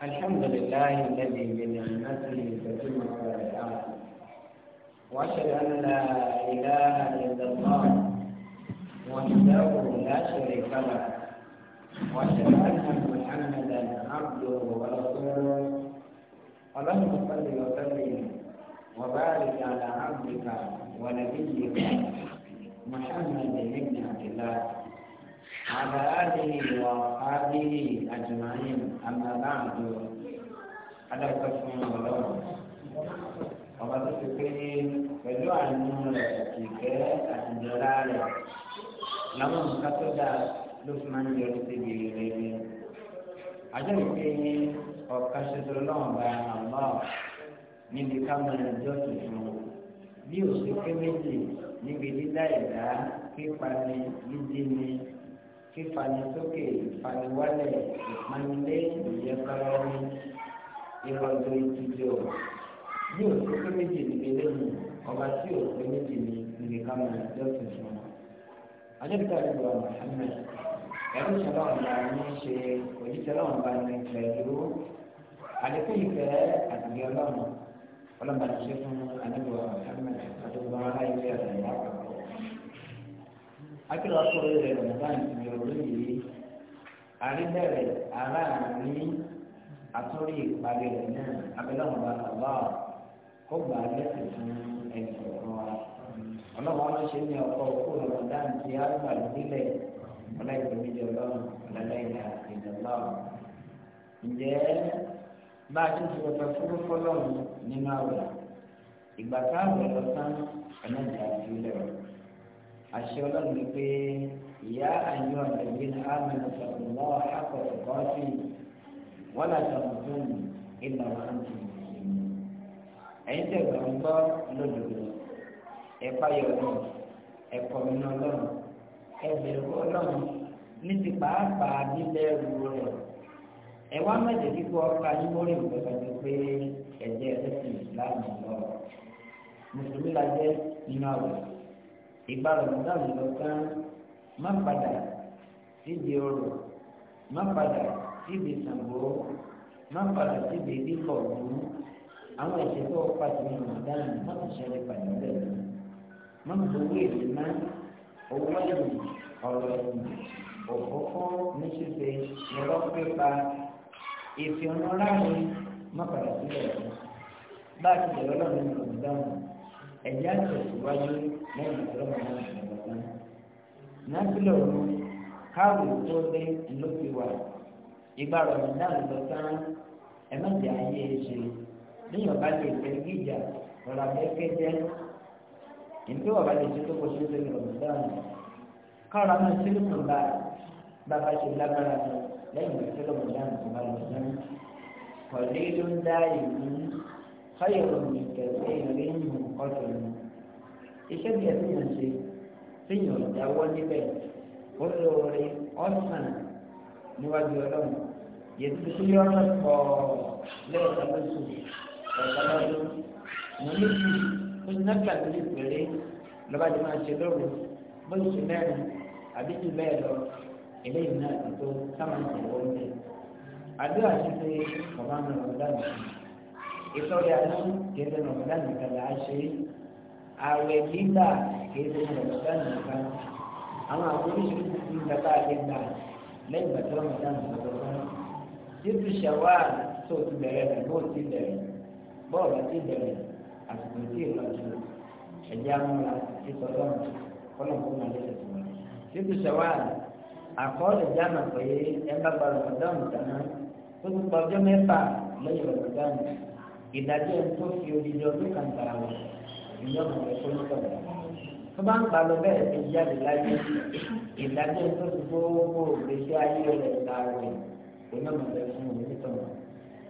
الحمد لله الذي بنعمته تتم الصالحات واشهد ان لا اله الا الله وحده لا شريك له واشهد ان محمدا عبده ورسوله اللهم صل وسلم وبارك على عبدك ونبيك محمد بن عبد الله على آله وأصحابه أجمعين أما بعد هذا قسم الله ọba tó ti pé pẹ̀lú àánú rẹ̀ ìfẹ́ àtijọ́lá rẹ̀ làwọn nǹkan tó dáa ló fi máa ń yọrí síbi rere. àjọ ìpè ní ọ̀kan ṣoṣo lọ́wọ́n bá àmọ́ níbi ká máa tuntun bí òṣèké méjì níbi dídá ẹ̀dá pípa ni jíjí ni fífanisókè ìfaniwálẹ̀ ìpanilé ìyẹ́kọ́rọ́ ní ìrọ̀jò ìtìjọ́ bí òṣìṣẹ́ méjì níbi lẹ́yìn ọba tí òṣìṣẹ́ méjì ní níbi kámẹ́ lọ́sùn fún wọn. adébítà ìgbà Muhammad ẹ̀rú ṣẹlọ́wọ̀n bá ní ṣe òjíṣẹ́lọ́wọ̀n bá ní pẹ̀lú àlékún ìfẹ́ àtìgbẹ́ ọlọ́run ọlọ́run bá ti ṣe fún adébítà Muhammad àti gbogbo ara ilé ẹ̀sìn akérò akóró rẹ rọmọbáyì ti yọrọ yìí àríbẹ̀rẹ̀ aláàárín àtúrí ìparí rẹ̀ náà abẹ́lẹ́wọ̀n bá bàbá kó gbà á lẹ́sìn fún ẹnì kọ̀ọ̀kan wa ọlọ́wọ́n máa ń ṣe ní ọkọ̀ òkú rọmọbáyì ti àgbà nílẹ̀ ọlọ́ìgbẹ́mídìí ọlọ́run ọlọ́lẹ́yìn àti ìdọ̀lọ́run ǹjẹ́ bá a ti ti pẹpẹ fúrú fọlọ́run nínú àwẹ̀ ìgbà táwọn ọ̀sán ẹ̀mẹ́ta ìlẹ̀ rẹ̀ àṣẹ ọlọ́run ni pé ìyá àyọ àgbẹ̀bí ní àmàlà sọ̀rọ̀ lọ́wọ́ akọ̀rọ̀ gọ́ọ̀sì wọ́n là sọ̀rọ̀ tó ní ìlà wọn ti ẹ̀yin tẹ̀ gbọ́n gbọ́ lódodo ẹ̀pá yọ̀ọ̀lọ́ ẹ̀kọ́ mi náà lọ́rùn ẹ̀bẹ̀rù ọlọ́run ní ti pàápàá nílẹ̀ ẹrù rẹ̀ ẹ̀wá mẹ́jọ kíkọ́ ọ̀ka yín mórí ìgbàgbọ́ pé ẹ̀jẹ̀ ẹ̀sìn ìgbà rọmọdán lọ tán má padà síbi ọrọ̀ má padà síbi sàǹgbó má padà síbi bíbọ̀ ọ̀dún àwọn ẹ̀ṣẹ̀ tó pa sínú rọmọdán má tún ṣẹlẹ̀ pàdé bẹ́ẹ̀ má tún gbowó èlé má owó ẹ̀yìn ọ̀rọ̀ ẹ̀yìn òfófó ní ṣíṣe lọ́wọ́ pípa ìfihàn láàrin má padà síbẹ̀ bá a ti jẹ̀rọ lọ́nà ìrọ̀mọdán ẹ̀jẹ̀ àtẹ̀síwájú lẹ́yìn ìtọ́lọ́mọ náà ṣàgbọ́n. nábìlọ̀ ọ̀run káàrò tó dé ló ti wà ìgbà rọ̀mọ̀ náà lọ tán ẹ̀mẹ́jẹ̀ ayé ṣe níyàn bá lè fẹ́ gíjà rọ̀rọ̀ abẹ́kẹ́jẹ́ ìdí wà bá lè ṣe tó kọ sí lórí rọ̀mọ̀ náà káàrọ̀ náà sílùkù bá bàbá ṣe lágbára lẹ́yìn ìtọ́lọ́mọ náà ṣàgbọ́n fáyọ̀rọ̀ mi kẹ̀kẹ́ ìrìn ọ̀dọ̀ mi iṣẹ́ bí ẹni yàn ṣe fíyàn ìdáwọ́ níbẹ̀ ó lóore ọ̀sán níwájú ọlọ́run yẹtù tó yọ ọ́nà pọ̀ lẹ́ẹ̀ta lóṣù ẹ̀ka lọ́dún mo ní bí ó ní náà kàdúrà péré lọ́ba ti máa ṣe lóru bó ti ṣe mẹ́rin àbí jù bẹ́ẹ̀ lọ eléyìí náà tó sáwọn ìṣẹ̀lẹ̀ oúnjẹ àdúrà ṣíṣe bàbá mi ò dáná ìtọ́jú àná kéde rọ̀mọ̀dá nìkan là á ṣe ààrẹ gbígbà kéde rọ̀mọ̀dá nìkan àwọn àforíṣiríṣi ti ń gbàgbà àgbẹ̀gbà lẹ́yìn ìgbà tí rọ̀mọ̀dá nìkan lọ fún un. títú ṣàwá tó ti bẹ̀rẹ̀ rẹ̀ bó ti bẹ̀rẹ̀ bọ́ọ̀lù ti bẹ̀rẹ̀ àsìkò tí ìrọ̀jù ẹ̀jẹ̀ amúra títọ́ lọ́nà kọ́lọ́mù títú ṣàwá àkọọ́lẹ̀ jáàmà pé ẹ bá gba rọ̀mọ̀dá nìkan náà tó ti pọ̀ ọjọ́ mẹ́fà lẹ́yìn rọ̀mọ̀dá nìkan ìdájọ́ tó fi odidi ọdún kan tara wọn ìjọba rẹ̀ tó ń sọ̀rọ̀ tó bá ń gbà lọ bẹ́ẹ̀ tó jáde láyé ìdájọ́ tó ti gbogbo ògbésí ayé rẹ̀ láàrọ̀ ìjọba rẹ̀ fún òun nítorí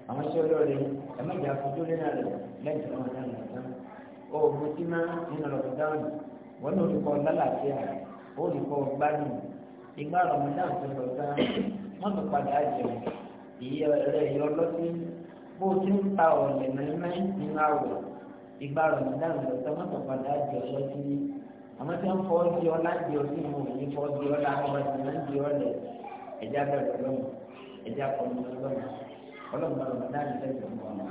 àwọn iṣẹ́ olóore ẹ̀mẹ́jà fojú lé náà rẹ̀ lẹ́yìn tó wọn náà lọ́tọ́ oògùn tí máa ń lọ lọ́dáwọ̀n wọn ló kọ́ lálàáfíà ó lè gbádùn ìgbà rọ̀mọdáwọ̀n tó lọ́tọ́ wọn lọ padà jẹun bó o ti ń pa ọ̀lẹ̀ mẹ́mẹ́ nínú àwọ̀ ìgbà rọ̀mọdán lọ tọmọtò padà di ọ̀ṣọ́ sí i àmọ́ tí wọ́n fọ́ di ọlá di ọtí mu òní fọ́ di ọlá ọba tí wọ́n di ọlẹ̀ ẹ̀já bẹ̀rẹ̀ lọ́mù ẹ̀já kọ̀ọ̀mù lọ́mù ọlọ́mù rọ̀mọdán lẹ́sẹ̀ mọ́ ọ̀nà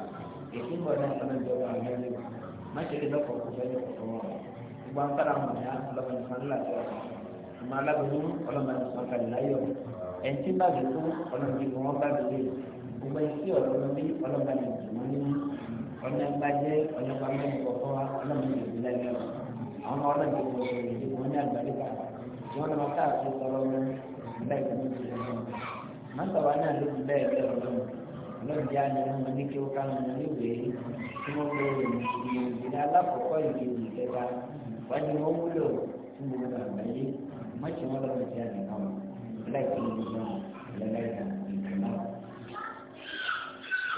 èyí ń bọ̀ náà sọ́nà ìjọba àgbẹ̀rẹ̀ má ṣe lè lọ́kọ̀ ọ̀kọ̀ gbogbo ankara wọn ya ọlọmọ ní sọlá tó ọ ọmọ alábòóyún gbogbo etí ọ̀rọ̀ ló bí ọlọ́ba lè dùn mọ́ nínú ọlọ́ba jẹ́ ọlọ́ba mẹ́rin kọ̀ọ̀kan wa ọlọ́ba lè dùn lẹ́yìn ọ̀rọ̀ àwọn ọlọ́ba lè dùn lẹ́yìn ọ̀rọ̀ wọn ní àgbàdìgbà wọn lọ káàkiri sọ̀rọ̀ wọn bẹ́ẹ̀ tó ń ti lẹ́yìn ọ̀rọ̀ mọ́tàwá náà ló ti bẹ́ẹ̀ bẹ́ẹ̀ ọ̀rọ̀ lọ́ọ̀dì àná wọn ní kí ó ká wọn níwèé tí wọ́n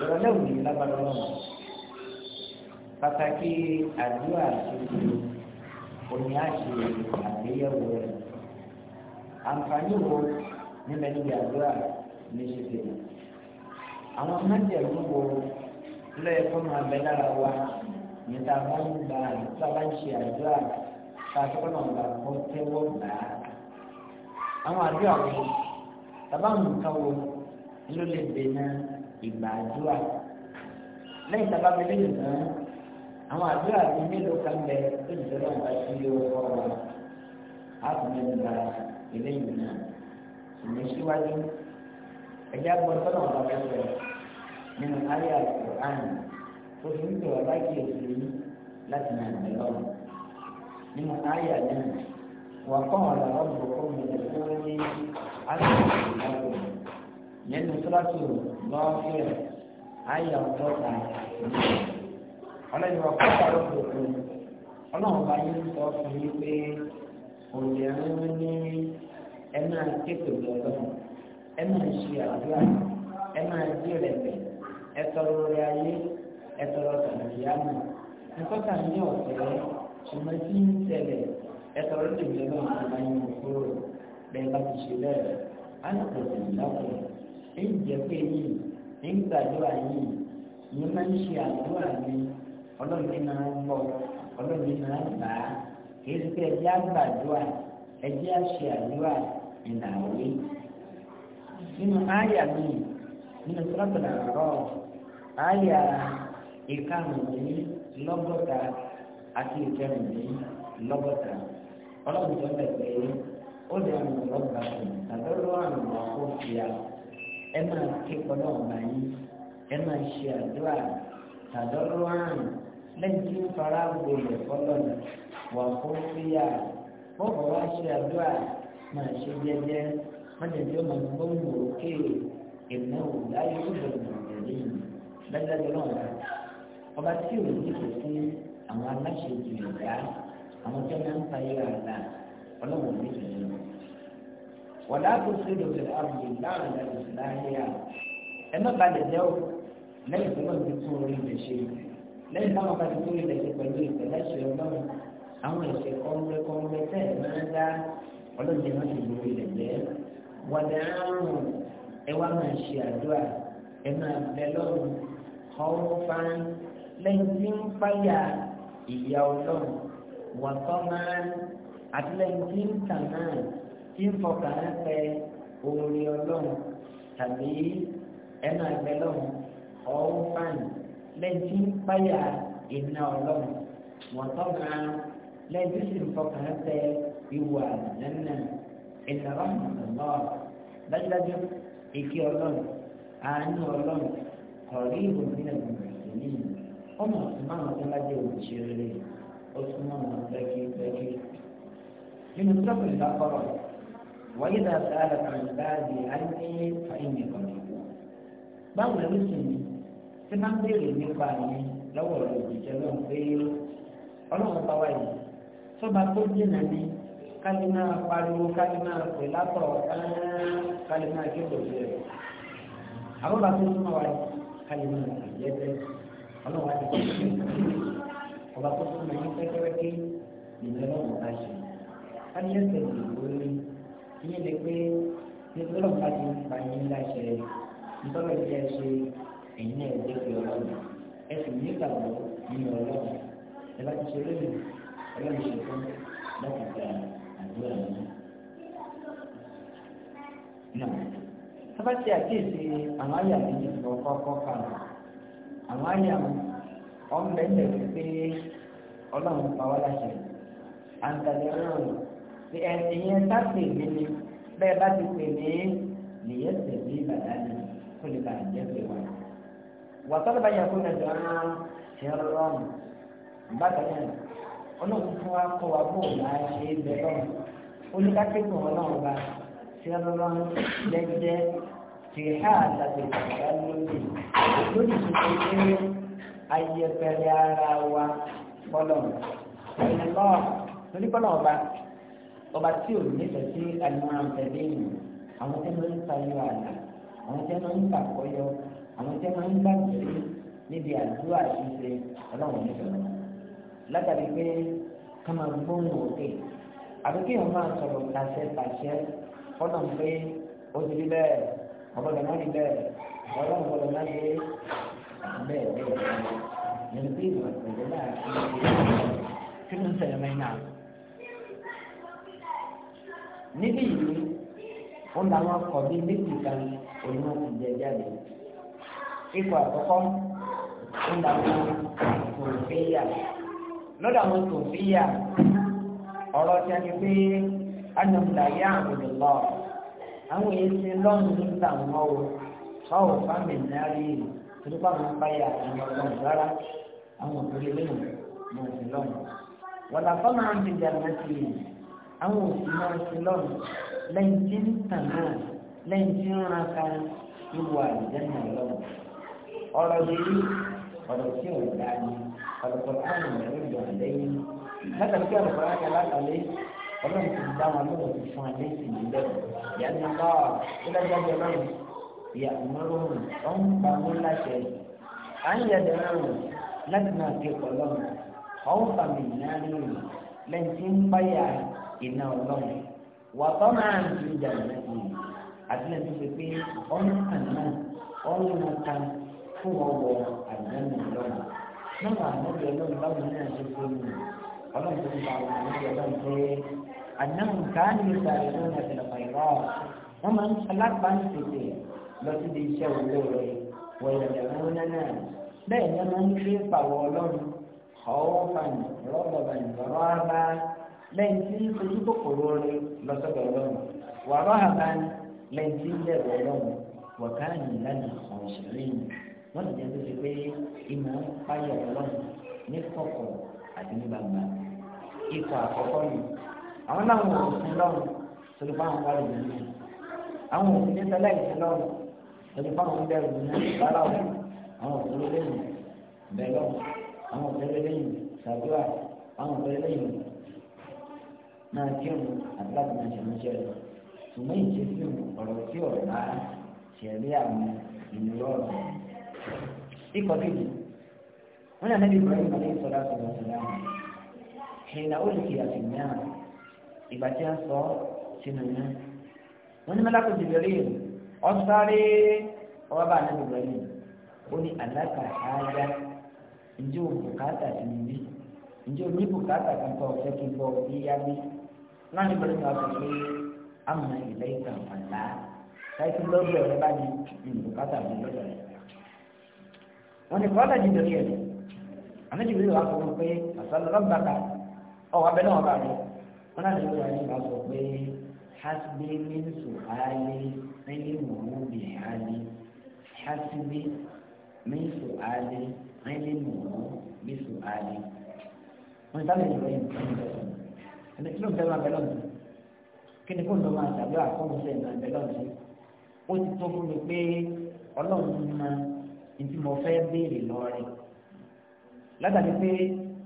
ọ̀rọ̀ náà wù mí lábàárọ̀ náà pàtàkì àdúrà àti òní àṣe àgbéyẹ̀wò rẹ̀ àǹfààní wo ní mẹ́lẹ́dì àdúrà ní ṣíṣe àwọn májèlú wo lọ́yẹ̀ fún mi abẹ́ lára wa níta bá ń gba níta bá ń ṣe àdúrà tá a tọ́kọ́ gbà kó tẹ́wọ́ gbà á àwọn àdúrà wo tàbá nǹkan wo ló lè dènà ìgbà àdúrà lẹ́yìn tí a bá fi lẹ́yìn tán àwọn àdúrà bíi mélòó kan bẹ tó ti sọ́dọ̀ nípa sí owó ọ̀rọ̀ á tún lẹ́nu gba eléyìí náà ìmọ̀ síwájú ẹ̀jẹ̀ àgbọ̀ sọ́nà ọ̀rọ̀ mẹ́fẹ̀ nínú ayé àkùrán tó fi ń bẹ̀rẹ̀ lákìyèsí láti máa bẹ̀ lọ́wọ́ nínú ayé àdéhùn wà kọ́ ọ̀rọ̀ ọ̀gbọ̀n kọ́ mi lẹ́kọ́ ní àgbẹ̀ ìlú nínú sọ́làtù lọ́ọ́fẹ́ ayé ọ̀dọ́ta ọlọ́yìn ọkọ̀ ọ̀rọ̀ tuntun ọlọ́run bá yín sọ fún yín pé òǹdẹ̀rín mi ní ẹ máa kékeré ọlọ́run ẹ máa ṣe àdúrà ẹ máa dí rẹ̀pẹ̀ ẹ tọrọ orí ayé ẹ tọrọ tàbíyámù nǹkan tà ní ọ̀sẹ̀ ṣùgbọ́n tí ń tẹ̀lé ẹ tọrọ lè jẹ́ lọ́wọ́ àwọn ọmọ kúrò bẹ́ẹ̀ bá ti ṣe bẹ́ẹ̀ á lè pèsè ìdáwọ̀ rẹ̀ ń jẹ́ pé yìí ń gbàdúrà yìí ní máa ń ṣe àdúrà mi ọlọ́run ní máa ń bọ̀ ọlọ́run ní máa ń gbà á kì í ṣe pé ẹjẹ́ àgbàdúrà ẹjẹ́ àṣẹ àdúrà ìnáwó nínú àyà mi nínú sọ́tọ̀ àárọ̀ àyà ìkarùn-ún-lọ́gọ́ta àti ìkẹrùn-ún-lọ́gọ́ta ọlọ́run tó ń bẹ̀ pé ó lè ràn lọ́gbàá tàbí ó lọ́ àrùn lọ́kọ́ fìyà ẹ máa ké pọnà ọ̀gbà yìí ẹ máa ṣe àdúrà tàdọ́rọ́ àrùn lẹ́yìn tí ń fara gbolẹ̀ fọlọ́nà wà fún fíyà bọ́ọ̀bù wá ṣe àdúrà máa ṣe jẹ́jẹ́ mọ́tẹ̀dé ọmọ gbóhùn òkè ìnáwó láyé ìbẹ̀rù ìrìn lẹ́gbẹ̀rún náà ọba tí ò ní kò sí àwọn aláṣẹ ìjìnlẹ̀ dá àwọn tí wọ́n ń fa ìyá àlà ọlọ́wọ́n ní ìjìnlẹ̀ náà wọ̀dà tó ṣe lò sí àbùkù láwọn ìdájọ́ sí láyéyà ẹ má balẹ̀ jẹ́ o lẹ́yìn tó lọ́ọ̀ ti tún orí ilẹ̀ ṣe lẹ́yìn táwọn bá ti tún ilẹ̀ ṣe pẹ̀lú ìpẹ̀lẹ́ ṣe ọlọ́run àwọn ìṣe kọ́ńgbẹ́kọ́ńgbẹ́ tẹ́ ẹ̀ máa ń dá ọlọ́run yẹn má ti lò ilẹ̀ jẹ́ wọ̀dà àrùn ẹ wá máa ṣe àdúrà ẹ máa bẹ lọ́run ọ̀rọ̀ fan tí ń fọkàn ń pẹ orí ọlọ́run tàbí ẹnu àgbẹ̀ lọ́run ọ̀hún fáìn lẹ́yìn tí ń páyà iná ọlọ́run wọ́n tọ́ka lẹ́yìn tí sì ń fọkàn ń pẹ ìwà nínú ìtàrọ̀ ọ̀nà dájúdájú ìkí ọlọ́run àánú ọlọ́run kọ̀rí ìwò nílẹ̀ mùsùlùmí ọmọ ọ̀sùnmọ́ àwọn tó bá jẹ́ òṣèré ó súnmọ́ àwọn pẹ́kípẹ́kí nínú tọ́pù ìdákọ̀rọ̀ وإذا سألك عبادي عني فإني قريب báwo lè wíṣọ mi tí máa ń béèrè nípa yẹn lọ́wọ́ rẹ̀ òjijì lọ́n pé ọlọ́run bá wà yìí tó bá tó dènà ní kálí máa pariwo kálí máa pè látọ̀ kálí máa jókòó sí rẹ̀ àwọn bá tó súnmọ́ wa kálí máa pè jẹ́jẹ́ ọlọ́run wá ti pè é ọba tó súnmọ́ yín pẹ́kẹ́rẹ́kẹ́ ìlú ọlọ́run bá ṣe kálí ẹsẹ̀ ìlú lórí ìyẹn lè pé nítorí ọ̀gá ti ń yín láṣẹ nítorí ẹ̀jẹ̀ ṣe ẹ̀yìn náà ẹ̀jẹ̀ fi ọlọ́run ẹ sì nígbàgbọ́ nínú ọlọ́run ẹ bá ti ṣe lónìí ọlọ́run ṣe fún láti gba àdúrà yín. náà sábà àkíyèsí àwọn àyà mi ní ìfọ̀kọ́kọ́ kan àwọn àyà mi ọ̀nbẹ̀ẹ́lẹ̀ pé ọlọ́run pa wá láṣẹ àǹtàlẹ́ ọlọ́run. ìyẹn tá pè mí ni bẹ́ẹ̀ bá ti pè mí nìyẹn sì ní bàtà ni kó lè bàtà jẹ́ pé wà. wàtọ́lẹ̀ bá yẹ kó nà jọ án ṣe ń bàtà yẹn ọlọ́run fún wa wa bó ṣe é oníkàkẹ́kọ̀ọ́ ọlọ́run bá lóde lóde ṣe é ara wa ọba tí ò nífẹ̀ẹ́ sí àlùmọ́ràn tẹ̀lé ìlú àwọn tẹ́ máa ń tayọ àlà àwọn tẹ́ máa ń gbàkọ́yọ àwọn tẹ́ máa ń gbàgbé níbi àdúrà ṣíṣe ọlọ́run nífẹ̀ẹ́ wọn. látàrí pé ká máa gbóhùn òkè àbí kí wọn máa sọ̀rọ̀ kàṣẹ kàṣẹ fọ́nà pé ó ti rí bẹ́ẹ̀ ọ̀gbọ́dọ̀ má rí bẹ́ẹ̀ ọlọ́run gbọ́dọ̀ má rí bẹ́ẹ̀ bẹ́ẹ̀ bẹ́ẹ̀ níbí yìí wọn làwọn kọ̀ bí méjì kan òun náà ti jẹ jáde ikọ̀ àkọ́kọ́ ń da tòfíyà lọ́dọ̀ àwọn tòfíyà ọ̀rọ̀ tí a ti pé anamda yá àbùdù lọ àwọn èsì lọ́nù nígbà wọn o fámìlì náà rí i torí àwọn báyà àwọn ọlọ́run rárá àwọn lọ́nù àwọn òsì máa ṣe lọ́nà lẹ́yìn tí ń tàn náà lẹ́yìn tí ń ran ká ìwọ àìjẹ́nà lọ́nà ọ̀rọ̀ yìí ọ̀rọ̀ tí ò dá ní ọ̀rọ̀ káwọn ìlú ìlú àlẹ́yìn látàrí pé ọ̀rọ̀ káwọn ìlú àlẹ́yìn ọlọ́run ti dá wọn lọ́wọ́ ti fún alẹ́ sí ní lẹ́wọ̀ ìyá ní láti máa fi ọ̀pọ̀ lọ́rùn ọ̀hún fàmì ìnáàrin lẹ́yìn tí ń báyà iná ọlọ́run wà tó máa ń ju ìjà rẹ̀ yìí àtìlẹ́yìn tó ṣe pé ọ̀nà àná ọ̀nà kan fún ọwọ́ àgbẹ̀mí ọlọ́run nígbà àmọ́bí ọlọ́run báwo ní àṣẹ tó ń ọlọ́run tó ń bá wọn àmọ́bí ọlọ́run pé àdáhùn káàní ìsàlẹ̀ tó ń ẹ̀sẹ̀ lọ́pàá ìwà wọn máa ń alápàánu tètè lọ sí ibi iṣẹ́ olóore wọ̀nyẹ̀dẹ̀ wọn náà bẹ́ẹ̀ ni wọ́n ń fi pàwọ́ ọlọ́run ọ̀ọ́fà lẹ́yìn tí ojú kòkòrò rẹ lọ́sọ̀dọ̀ ọlọ́run wà ráhàbá lẹ́yìn tí bẹ̀rù ọlọ́run wà káàyè lánàá ọ̀ṣẹ̀rẹ̀ yìí wọ́n lè jẹ́ tó ṣe pé ìmọ̀ ń páyọ̀ ọlọ́run ní kọ̀kọ̀ àti ní gbangba ikọ̀ àkọ́kọ́ nù àwọn làwọn òfin lọ́run torí fáwọn wà lè nínú àwọn òfin ní sẹ́lẹ̀ lọ́run torí fáwọn bẹ̀rù nínú ìbára ọ̀run àwọn òfin lẹ́yìn bẹ̀rù àwọn òfin lẹ́yìn ṣàdúrà àwọn òfin lẹ́yìn máa kírun àti láti máa ṣàmúṣẹ́ rẹ̀ ṣùgbọ́n ìṣesí ọ̀rọ̀ tí ọ̀rọ̀ bá ṣẹ̀rí àwọn ìnira ọ̀rọ̀ ikọ̀ kejì wọn náà níbi ìbúra ìbúra ìsọ̀rọ̀ àtọ̀rọ̀ ọ̀sọ̀rọ̀ àwọn ìlà olùkì àfihàn ìgbà tí a sọ sínú iná wọn ní mẹ́lákò jìbìrì ọ̀sáré ọba bá àná ìbúra yìí ó ní àlákà áyá ǹjẹ́ òun bùkátà sí níbí ǹjẹ́ òun ní kan tó ọ̀fẹ́ kí n náà ní bẹ̀rẹ̀ sọ̀rọ̀ pé àmọ̀ ìlẹ̀ ìtàn fàlà láti lọ́dọ̀ rẹ bá ní ìbùkátà mi lọ́dọ̀ rẹ. wọ́n ní kọ́lá jí lórí ẹ̀ àmì jìbìrì wà fún un pé àsọ̀lọ́ lọ́gbàkà ọ̀wọ́ abẹ́ náà bá wọ́n náà ní bẹ̀rẹ̀ ní bá sọ pé hasbi min suhali ẹni mọ̀ọ́ bì hasbi min suhali ẹni mọ̀ọ́ bì wọ́n ní sábẹ̀ ìgbẹ́ ìgbẹ́ ìgbẹ́ ẹni kí ló ń tẹ́lẹ̀ abẹ́lọ́ mi kí ni kó ń lọ máa tàbí àkọ́mọṣẹ́ ìlànà abẹ́lọ́ mi ó ti tó fún mi pé ọlọ́run ma ìdí mo fẹ́ béèrè lọ́ọ̀rẹ́ látàrí pé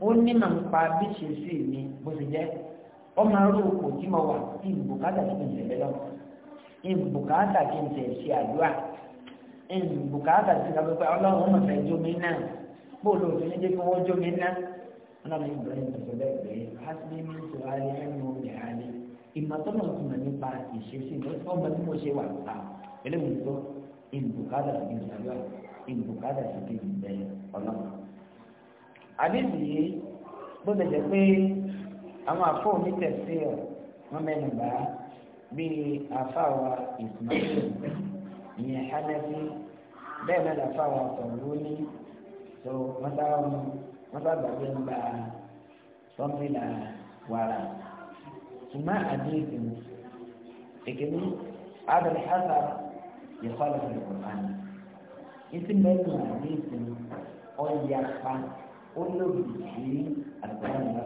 ó ní màá ń pa bí ṣe sí mi bó ṣe jẹ́ ó máa rú òkò tí mo wà tí ìbùkátà ti ń tẹ̀lé lọ ìbùkátà kí n tẹ̀ ṣe àdúrà ìbùkátà ti ń tẹ̀lé pé ọlọ́run ó mọ̀ fẹ́ jó náà bóòlù òfin ní jẹ́ kí wọ́n jó náà alábẹ́ ibrahim sọ̀rọ̀ bẹ́ẹ̀ pé hasbi mi sọ ayé ẹnu mi ayé ìmọ̀tọ́nà ìtumọ̀ nípa ìṣesí ọmọ tí mo ṣe wà ta eléyìí tó ìbùkádà sí ìṣàlùwà ìbùkádà sí ìbẹ̀ ọlọ́run. àdéhùn yìí bó lè jẹ́ pé àwọn àfọ̀ mi tẹ̀sí ọ̀ wọ́n mẹ́nu bá bíi àfàwà ìsìnàfẹ́ ìyẹn hánẹ́fí bẹ́ẹ̀ mẹ́ta àfàwà tọ̀wọ́ ní tó wọ́n dáhùn wọ́n bá gbàgbé ń gba fọ́mílà wàrà ṣùgbọ́n àdéhùn èkéní abẹ́rẹ́ hàtà ìkọlù ìkọ̀lánì ìtì mẹ́rin àdéhùn ọ̀yàpá olóògbé àgbáyé lọ́wọ́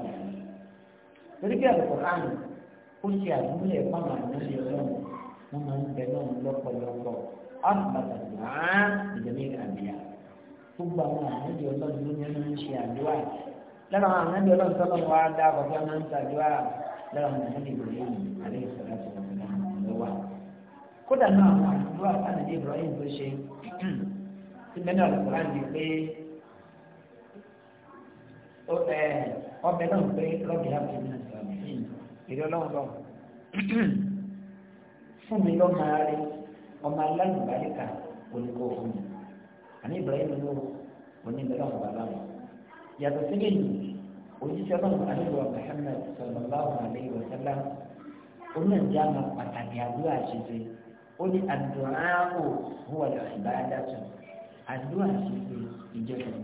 torí bí àlùkòránì ó ṣe àdúlẹ̀ pàmò àdúlẹ̀ ọlọ́run wọ́n máa ń bẹ lọ́run lọ́pọ̀lọpọ̀ ọ̀pọ̀lọpọ̀ ìjọba ìgbàgbéyàwó gbogbo àwọn ànábì ọlọ́run ló ní ẹni ń ṣe àdúrà lára àwọn ànábì ọlọ́run tó lọ́wọ́ á dá bàbá máa ń ṣàdúrà lára àwọn ànábì Ibrahim alẹ́ ìṣẹ̀lẹ̀ tó wà ló wà. kódà náà àwọn àdúrà sànàdì Ibrahim tó ṣe tí bẹ́ẹ̀ náà lọ́kùnrin pé ọbẹ̀ náà pé lọ́bì àti náà sọ̀rọ̀ ìrẹ́ ọlọ́run lọ. fún mi lọ́mọ àní ibrahim ló oníbẹ̀rẹ̀ àwọn bàbá mi yàtọ̀ sílẹ̀ yìí òjíṣẹ́ náà àdúgbò muhammed sallallahu alayhi wa sallam onídàájá ma pàtàkì àdúrà ṣíṣe ó ní àdúràáwò huwa al-ibadatu àdúrà ṣíṣe ìjọsìn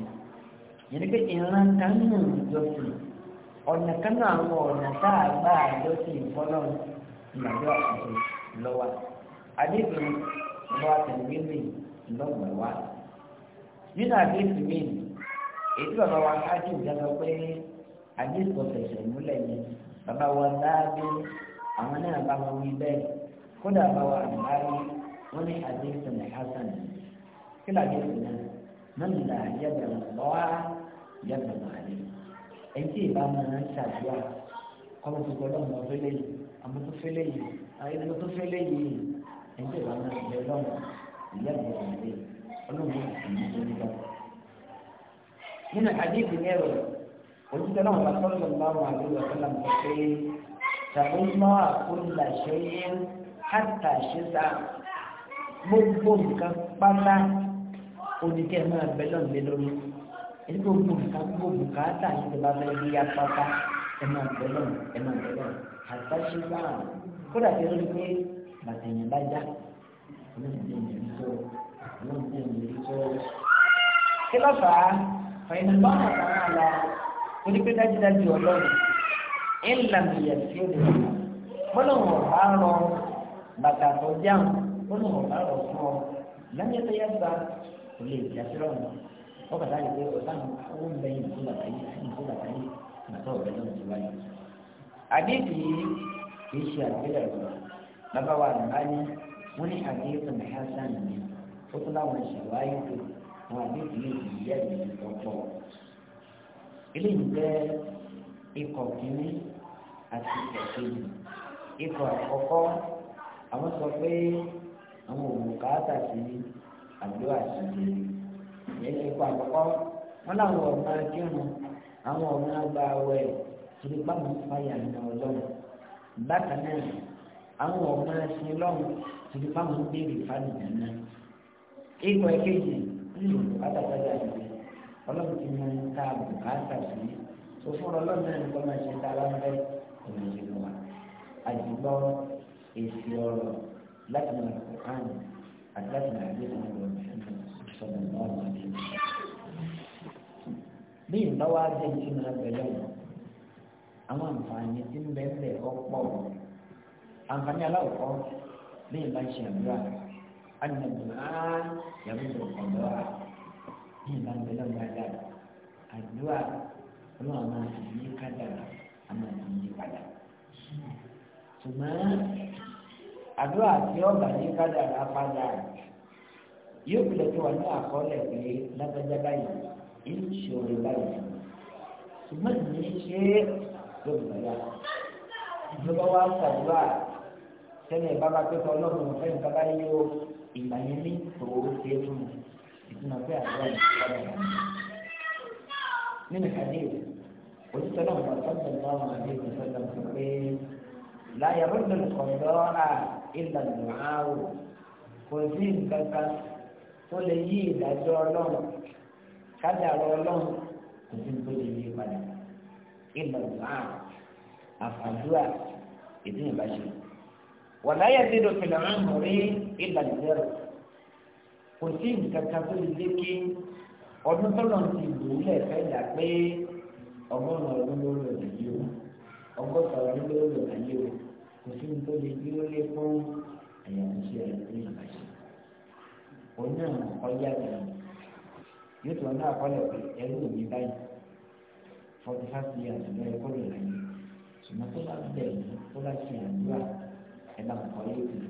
yìí pé ìran kanú ìjọsìn ọ̀nà kanú àwọn ọ̀nà tá a gbà ìjọsìn fọlọ́ ìgbàdúrà ṣíṣe lọ́wọ́ adébìnrin lọ́wọ́ tẹ̀lé lọ́gbọ̀n wa nínú àdéhùn mi èyí bàbá wa ájú ìjà sọ pé àdéhùn ọ̀sẹ̀sẹ̀ múlẹ̀ ni bàbá wa dáadé àwọn náà bá wọn wí bẹ́ẹ̀ kódà bàbá wa àdìbáyé wọn ní àdéhùn hasan kí làdéhùn náà mọ́nìlá yàgbà lọ́wọ́ yàgbà màálé ẹni tí ìbá máa ń ṣàdúrà kọ́mọ tó gbọ́dọ̀ mọ fẹ́lẹ́ yìí àmọ́ fẹ́lẹ́ yìí àyẹ̀dẹ́gbẹ́ tó fẹ́lẹ́ yìí ẹni tí ìbá máa ń bẹ lọ́wọ́ yàgbà ọlọ́run sì ní ìlú nígbà. nínú àdéhùn ẹ̀rọ òjijì náà wà sọ́dọ̀ báwọn àdéhùn ọ̀sán sọ pé ṣàkóso àkóńlà ṣe é hátà ṣe sá gbogbo nǹkan pátá oníkẹ́ máa bẹ lọ́nà lórí ẹni gbogbo nǹkan gbogbo káàtà yìí tó bá fẹ́ bí ya pátá ẹ máa bẹ lọ́nà kí ló fà á fàyìn lọ́wọ́ àtàwọn àlọ́ onípe dájúdájú ọlọ́run ìlànà ìyàtí ó lè wà gbọ́dọ̀ wọ̀ bá rọ bàtà tó jáàmù gbọ́dọ̀ wọ̀ bá rọ fún ọ lẹ́yìn tó yẹ gba kò lè jà sí rọrùn wọ́n kàtà lè pé ọ̀sán owó ń bẹ́yìn tó bàtà yìí sí tó bàtà yìí nàtọ́ ọ̀bẹ lọ́wọ́ ti wáyé. àdéhùn yìí kì í ṣe àgbélẹ̀rọ bàbá wa àgbáyé wọ́n ní àdéhùn hasan nìyẹn ó tún láwọn ìṣàwáyé tó àwọn àdéhùn yìí ìyá ìyẹn tọ̀tọ̀. eléyìí jẹ́ ikọ̀ kínní àti ikọ̀ kejì ikọ̀ àkọ́kọ́ àwọn sọ pé àwọn òmùkátà sí àdó àṣìṣe ìyẹn ikọ̀ àkọ́kọ́ wọn làwọn ọ̀nà akírun àwọn ọ̀nà àgbà wẹ̀ torí báwọn fàyà ní ọlọ́run bákan náà àwọn ọ̀nà aṣọ ọlọ́run torí báwọn béèrè fàdùnà náà. ipò ẹ̀kejì nínú bùkátà sábà yìí ọlọ́run ti máa ń ta bùkátà sí i tó fún ọlọ́run náà nípa máa ṣe ta aláfẹ́ ìrìn wa àdìgbọ́ èsì ọ̀rọ̀ láti máa kó àná àti láti máa gbé àwọn ọ̀rọ̀ sọ̀rọ̀ náà wà ní ìlú. bí ìnáwó ti máa bẹ̀rẹ̀ wọn àwọn àǹfààní ń bẹ́ẹ̀ bẹ́ẹ̀ ọ̀pọ̀ àǹfààní aláwọ̀ kọ́ bí ìbá ṣe àdúrà أن الدعاء يمس القضاء إذا بلغ ذلك الدعاء هو ما فيه قدر أما فيه قدر ثم àdúrà tí ó bà ní kádàrá padà yóò gbọdọ̀ tó wà ní àkọọ́lẹ̀ pé lágbájá báyìí ìṣòro báyìí ṣùgbọ́n ní ṣe lóbìnrin ìjọba wa ṣàdúrà sẹ́ni ìbára pẹ́tọ́ ọlọ́run fẹ́ báyìí o ìgbà yẹn ní ìṣòro ṣe é fún mi ìtumọ̀ pé àdúrà yìí padà yà mí. nínú ìpàdé òṣìṣẹ́ náà wọ́n sọ́dọ̀ lọ́wọ́ àti ìṣọ́dọ̀ sọ pé láyà rọ́dọ̀ kọ̀dọ̀ à ìlà lùhàù kò sí nǹkan kan tó lè yí ìdájọ́ ọlọ́run kádàrọ̀ ọlọ́run kò sí nǹkan lè yí padà ìlà lùhàù àfàdúrà ìdí ìbáṣe. wàláyà dídò fìlà ń mọ̀ rí ìlànà ìbẹ̀rẹ̀ kò sí nǹkan kan tó lè lékè ọdún tọ́lọ̀ ti lò ó lẹ́ẹ̀fẹ́ dà pé ọgọ́rùn-ún ọdún ló lò láyé o ọgọ́ta ọdún ló lò láyé o kò sí ní tó lè gbé ó lé fún àyànṣe ẹ̀rí ìbàṣẹ. òun náà ọjà rẹ̀ yóò tó náà kọ́lẹ̀ pé ẹrú mi báyìí forty five years ló yẹ kó lò ṣùgbọ́n tó bá bẹ̀rẹ̀ tó bá ṣe àdúrà ẹ̀ bá kọ́ yóò tó lò.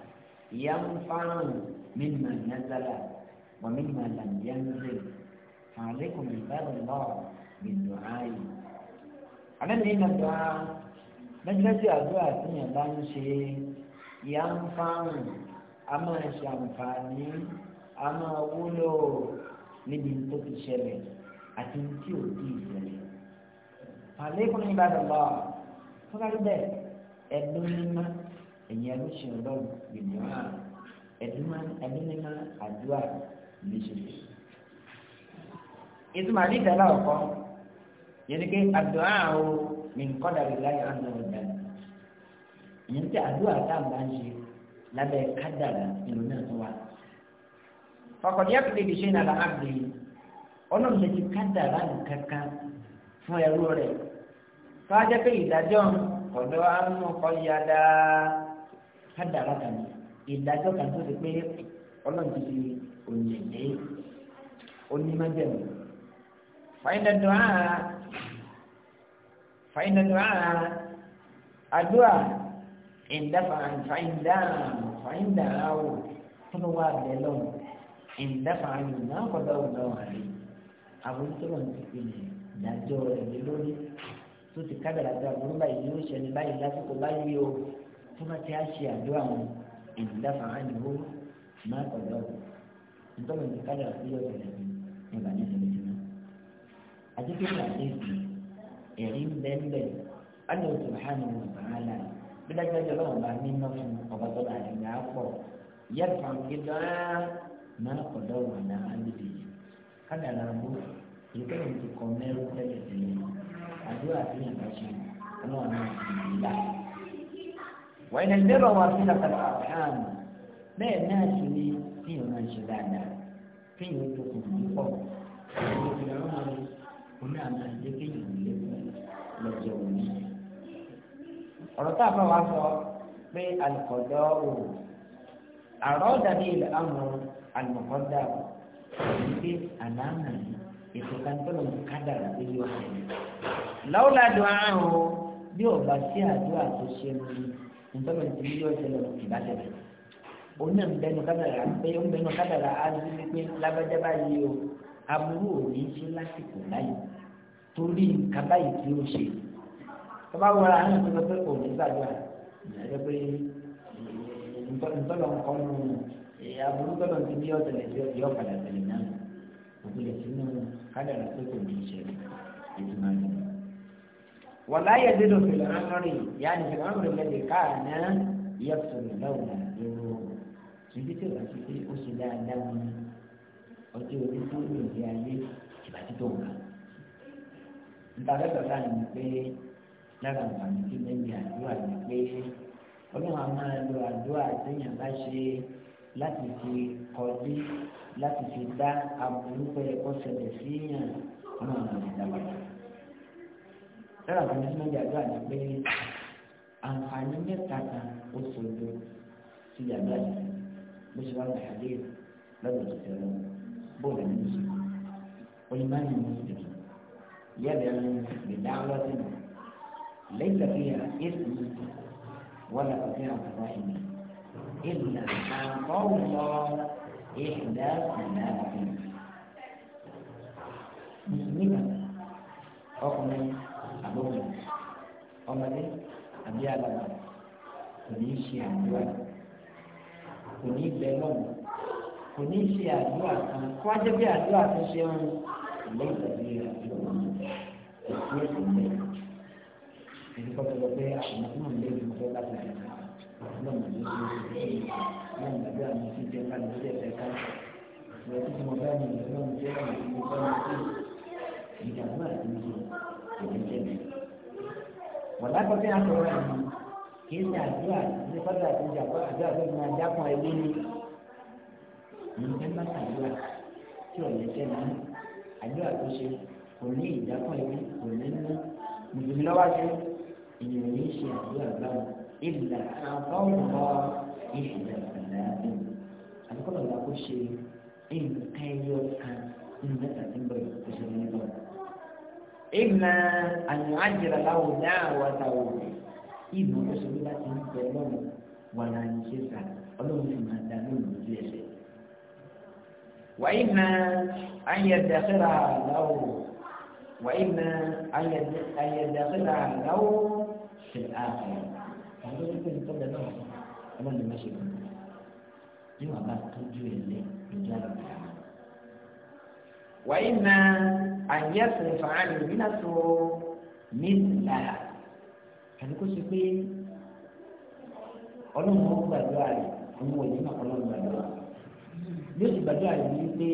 ينفعه مما نزل ومما لم ينزل فعليكم عباد الله بالدعاء على ان الدعاء مجلس الدعاء سنة بانشي ينفع أما شانفاني أما wúlò níbi tó ti ṣẹlẹ̀ àti tí ò tí ì ṣẹlẹ̀. àlékún ní ìbàdàn lọ fúnra bẹ́ẹ̀ ẹ̀dùn ní máa ẹ̀yin alóṣèlú ọlọ́run gbìyànjú hàn ẹ̀dínnímọ̀ àdúrà lè ṣe. ìtumọ̀ àdé ìdálá ọ̀kọ́ yẹn ké àdúrà o ní nkọ́dà rẹ̀ láyé àná ọ̀dà ìyẹn tí àdúrà tá a máa ń ṣe lábẹ́ kádàrà ìlú náà tó wà. fọkàndíyà kìlì ìdíṣẹ́ ní àlàáfíà yìí ọlọ́run lè ti kádàrà nǹkankan fún ẹrú rẹ̀ tó a pé ìdájọ́ ọ̀dọ́ àánú kọ́ yá kádàrá kan ìdájọ́ kan tó ti pé ọlọ́run ti fi oúnjẹ dé onímọ̀jẹ̀mù. fàyínà dùn á fàyínà dùn á àdúrà ìdáfà fàyínà fàyínà áwò fún wa bẹ̀ lọ́wọ́ ìdáfà àyùnà kọ́dọ̀ lọ́wọ́ rẹ̀ àbójútó lọ́n ti pè é ìdájọ́ rẹ̀ lórí tó ti kádàrá tó àbúrò báyìí yóò ṣẹlẹ̀ báyìí lásìkò báyìí o tó bá ti á ṣe àdúrà wọn ìdílàfà ànìwó máa kọ̀dọ̀ nítorí ti kájà sí ọ̀sẹ̀ rẹ̀ ní ìbàdí ìṣẹ̀lẹ̀ jùlọ. àdékèké àdéhùn ẹ̀rí ń bẹ́ẹ̀ bẹ́ẹ̀ alẹ́ oṣù hàní wọn bàálà bí dájúdájú ọlọ́run bá mímọ́ fún ọba tó bá rẹ̀ gbà pọ̀ yẹ́pà gbẹdọ́ máa kọ̀dọ̀ wọn náà á lè dèjì kádàrà bó ìkẹ́yìn ti kọ mẹ́rù tẹ́lẹ̀ tẹ́lẹ̀ àdúrà tí yàrá ṣe náà ti dì í láti. وإن البر وصلة الأرحام bẹ́ẹ̀ náà sì ni tí ìwọ̀n máa ń ṣe dáadáa kí ìwọ̀n tó kù fún pọ̀ ìwọ̀n tó máa ń oní àmà ìdí kí ìwọ̀n lè kú lọ́jọ́ òní. ọ̀rọ̀ tá a bá wa sọ pé alùpọ̀dọ́ o àrọ́ dàbí ilẹ̀ àmọ́ alùpọ̀dọ́ o ìdí àlànà ètò kàńtọ́nù kádàrà tó yọ ọ̀sẹ̀. lọ́wọ́lá dùn àrùn bí ò bá sí àdúrà tó ṣe mú mi ntọ́nà ti ní yóò ṣẹlẹ̀ ìbálẹ̀ òun náà ń bẹnu kádàrà pé ó ń bẹnu kádàrà á sí wípé lábẹ́jẹ́ báyìí o aburú ò ní ṣe lásìkò láyé torí nǹkan báyìí tí ó ṣe tó bá wọra àwọn ìṣòro pé kò ní gbàgbà ìyàjọ pé ntọ́nà kọ́ nù aburú tọ́nà ti ní yóò ṣẹlẹ̀ yóò padà ṣẹlẹ̀ náà òkú lè sínú kádàrà pé kò ní ṣẹlẹ̀ ìtumọ̀ nìyẹn. ولا يزيد في الأمر يعني في الأمر الذي كان يقصد لون الدروب síbi tí ìgbà títí ó ṣe dáadáa ní ọjọ́ orí tó ní ìdí ayé ìgbà títí òun kan. nítorí bàbá mi ni pé lára àwọn àmì tí lẹ́yìn àdúrà ni pé ọlọ́run máa lo àdúrà téèyàn bá ṣe láti fi kọjú láti fi dá aburú pé ó ṣẹlẹ̀ síyàn ọmọ àwọn ìdàgbàsókè. lára àwọn ẹni ya àdúrà ni pé àǹfààní mẹ́ta kan ó sojú sí àdúrà yìí bó ṣe wá ní àdé lọ́dọ̀ tó tẹ̀lé bóòlù ní sùn oyin máa ń ní mùsùlùmí yẹ́bẹ̀ ń lè dá lọ́sìn lẹ́yìn tàbíyà èsì wọ́n lọ sí àkàrà ìlú ìlà àkọ́wọ́ ìlà ìlà ìlú mùsùlùmí ọkùnrin. ọmọdé àbí àlàbà kò ní í ṣe àdúrà kò ní í bẹ lọ́nà kò ní í ṣe àdúrà kan kó wá jẹ́ bí àdúrà tó ṣe ń ilé ìtàgé àdúrà wọn kò sí èsì bẹ́ẹ̀ èyí kọ́ tó lọ pé àwọn tí wọ́n lé ìlú fẹ́ láti rẹ̀ lọ́nà ló ṣe é ṣe é lọ́nà àdúrà mi sì jẹ́ ká ló ṣe ẹ̀fẹ́ ká ìwé tí mo fẹ́ mi lọ́nà jẹ́ ìwé tí mo fẹ́ mi sí ìdàgbà àti ìṣe ìdíjẹ́ mi wọ́n lápá sí àtọ̀rọ̀ àná kì í ṣe àdúrà ní fọ́tà àti ìjàpá àdúrà tó ti máa dákun ni nǹkan máa ṣàdúrà tí ò lè ṣe náà àdúrà tó ṣe kò ní ìdákun ẹbí kò ní ná mùsùlùmí lọ́wọ́ ṣe èèyàn ní ṣe àdúrà báwọn ìlà àbáwọn lọ ìṣẹ̀lẹ̀ ìlànà àdúgbò lọ́wọ́ kó ṣe nǹkan ẹyọ kan nínú ìmọ̀ àyàn àjẹrà láwùjọ náà wà táwọn ìmọ̀ oṣù láti ń bẹ lọ́wọ́ wà láyé ṣe sà ọlọ́run fi máa dá lóhùn lójú ẹsẹ̀. وإما أن يدخرها له وإما أن يدخرها له في الآخرة àwọn olùkọ́ ní tọ́lẹ̀ náà ọlọ́run lè má ṣe kú ní wàá bá tọ́jú ẹ̀ lé ìjọ àlùkò àná àyẹ̀sẹ̀ fàánì nínú àtò nílà àti kó ṣe pé ọlọ́run ó gbàdúrà rẹ̀ àwọn òní náà ọlọ́run gbàdúrà yóò sì gbàdúrà rẹ̀ ní pé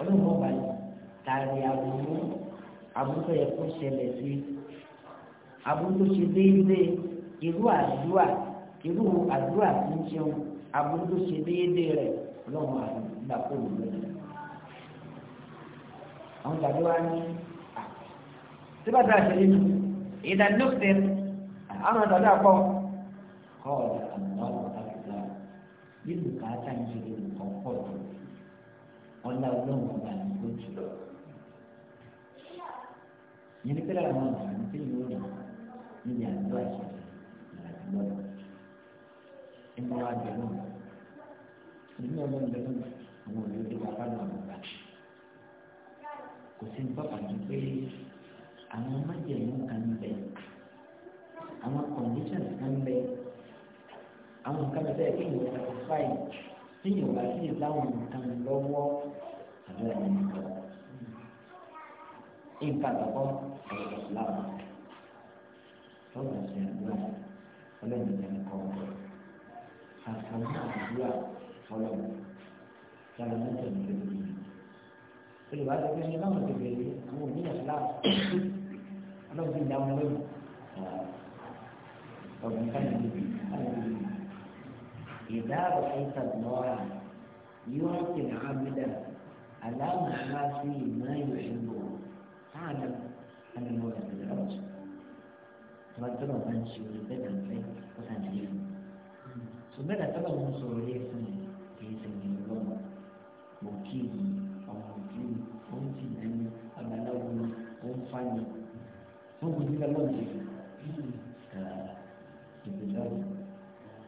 ọlọ́run ó bàyìí tààrí aburú aburú tó yẹ kó ṣẹlẹ̀ sí aburú tó ṣe déédéé irú àdúrà irú àdúrà tó ń ṣeun aburú tó ṣe déédéé rẹ̀ ọlọ́run àgbà kó lù lọ́dún àwọn tàbí wá ní àpò ah, tí bá dá àṣẹ nínú ìdánilókè àwọn tàbí àpò kọ́ọ̀dà àmọ́ àkùdá nínú káàtà ń ṣe lórí ọ̀pọ̀ tó ọlá ọlọ́run ọba ní kó jùlọ. yẹn ní pẹ́lú àwọn àǹfààní tí yóò rìn níbi àdúrà ìṣẹ̀lẹ̀ ìlàjì lọ́dọ̀ ẹni wá bẹ̀rù ìlú àwọn òbí òde wà ọ̀gá kò sí nítorí àti pé àwọn májèmú kan bẹ àwọn conditions kan bẹ àwọn nǹkan bẹ bẹ́ẹ̀ kéèyàn satisfy kéèyàn wá sí ìláwọn nǹkan lọ́wọ́ àbúrò ẹni nìkan nǹkan àkọ́kọ́ àyẹ̀wò láwọn lọ́wọ́ àti àdúrà ọlọ́run ìjẹun kọ́ ọ̀rọ̀ àfọ̀mọ́ àdúrà fọlọ́run yàrá mẹ́tẹ̀ẹ̀mí lórí yìí olùbá ti pín ní báwọn ti bèrè àwọn òbí yàrá láàbù ọlọ́run ti dá wọn lóyún ọ̀gbìn káyọ̀ níbi káyọ̀ níbi ìdáàbò àìsàn lọ́ra yóò ti nà ábídà aláàmù aláàfin ìmáà yóò ṣe bò káàdà ánìmọ̀ ìdílé ọ̀sùn tọ́ba tọ́ba bá ń ṣe orí bẹ́ẹ̀ náà fẹ́ ó sàn nílé ṣùgbọ́n tọ́ba ń sọ orí ẹ̀sìn kì í ṣe ìlú lọ́wọ́ mọ̀ kí fanya Mungu jina moja ndugu zangu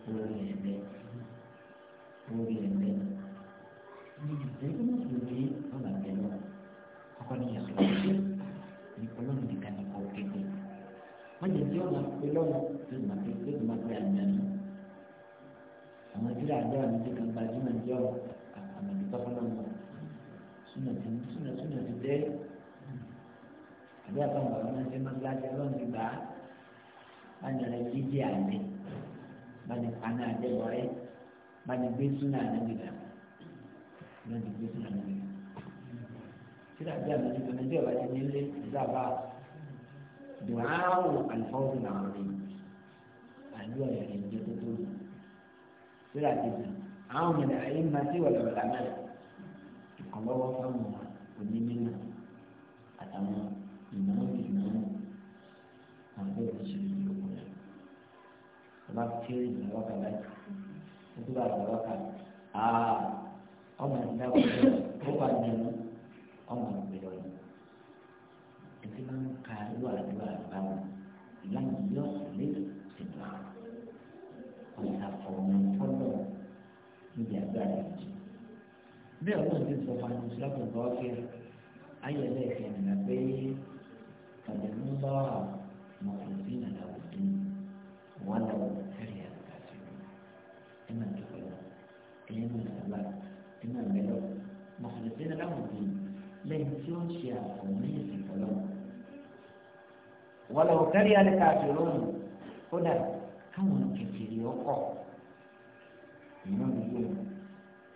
uliende uliende nijitahidi mzuri ama mbele hapa ni yakhlashi ni koloni nikani kwa upepe mwenye kiona koloni lazima lazima kwa ndani amajira ajao nitaka lazima njoo amenipa koloni sunati sunati sunati bí àtàwọn bàbá náà ṣe máa ń láti ọlọ́run ti gbà á bánirẹ jíjí àlẹ báni paná àdébọrẹ báni gbé súnà ànábìgà lọ́dún gbé súnà ànábìgà síra bí àbẹ̀lẹ̀ tó ní tí ọba ti nílé ìdábà dùnáwó àlùfọ́ọ̀dù làwọn rè àdúrà ìrìn jẹ tó tó lù síra kejì àwọn ọmọdé ayé máa ti wọlé wọlé àmàlà ìkọlọ́wọ́ fáwọn onímọ̀ ìnáwó ìnáwó àbúrò ìṣẹ̀lẹ̀ ìyókù rẹ̀ ọba kéré ìnáwó kàlá yìí nígbà ìnáwó kàlá aa ọmọ ìdá kúrò tó nínú ọmọ ìgbèrò yìí ètí máa ń ka irú àdúrà àbáwọn ìlànà yóò lè ṣètò àkọsàfọ̀mọ́ fọ́lọ́ níbi àgbà rẹ̀ bí ọ̀pọ̀ ìdí sọ fún àdúrà tó bá wọ́pẹ́ ayẹyẹ ìfẹ̀yìn náà pé. فلم نصار مخلصين له الدين ولو كره الكافرون إما الدخول إما الصلاة إما البلوغ مخلصين له الدين لن تنشي أمنية الكلام ولو كره الكافرون هنا كم كثير يوقع إمام الدين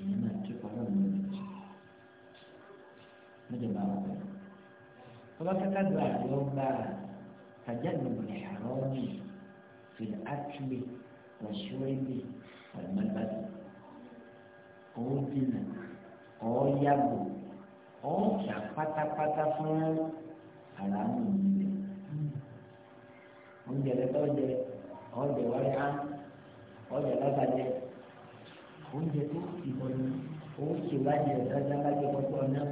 إمام الدخول من الدين ماذا فبكى كذا يوم تجنب الحرام في الأكل والشرب والملبس قوتنا ọ̀ọ́yàgbò ọ̀ọ́kà pátápátá fún àràánù nílẹ̀ oúnjẹ lẹ́tọ́ jẹ ọ̀ọ́jẹ wáyé á ọ̀ọ́jẹ lọ́sàjẹ oúnjẹ tó ti bọ̀ ní owó tí wájú ẹ̀ dájá lájọ pọ̀tọ́ náà.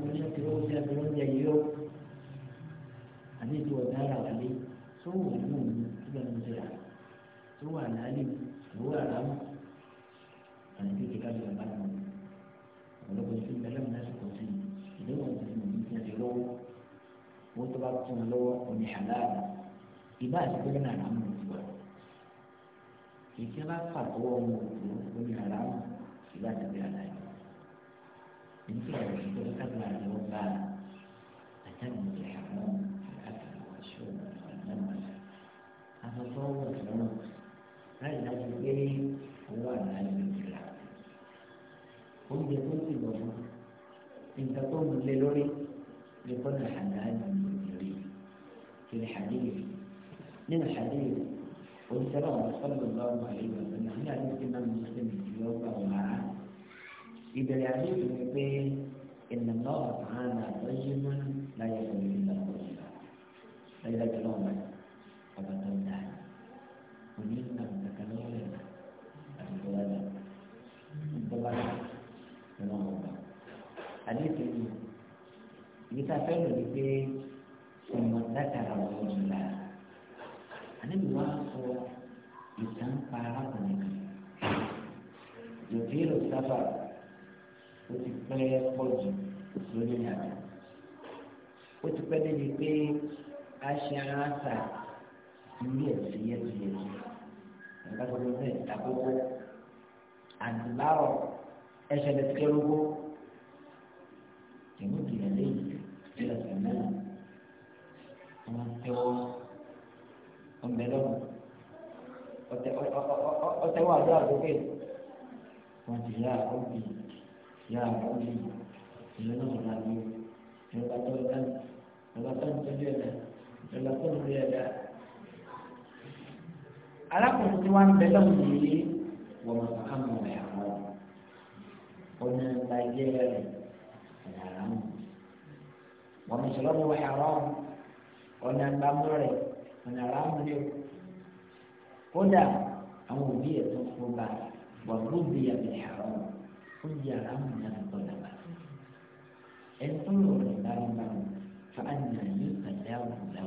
ọlọ́run yìí wọ́n máa ká mọ̀ ẹ̀ àwọn ọ̀nà ìbàjẹ́ rẹ̀ ẹ̀dàrà mọ̀ wọ́n máa sọ̀rọ̀ mọ̀ ẹ̀ àwọn ọ̀nà ìbámu rẹ̀ ẹ̀dàrà mọ̀ ni kódà àwọn òbí ẹ̀ tó fún bá wọ́n ló bí ẹ̀mí àwọn ó di ara mọ̀ náà tó dàgbà ẹ̀ rẹ̀ dáadáa fún àná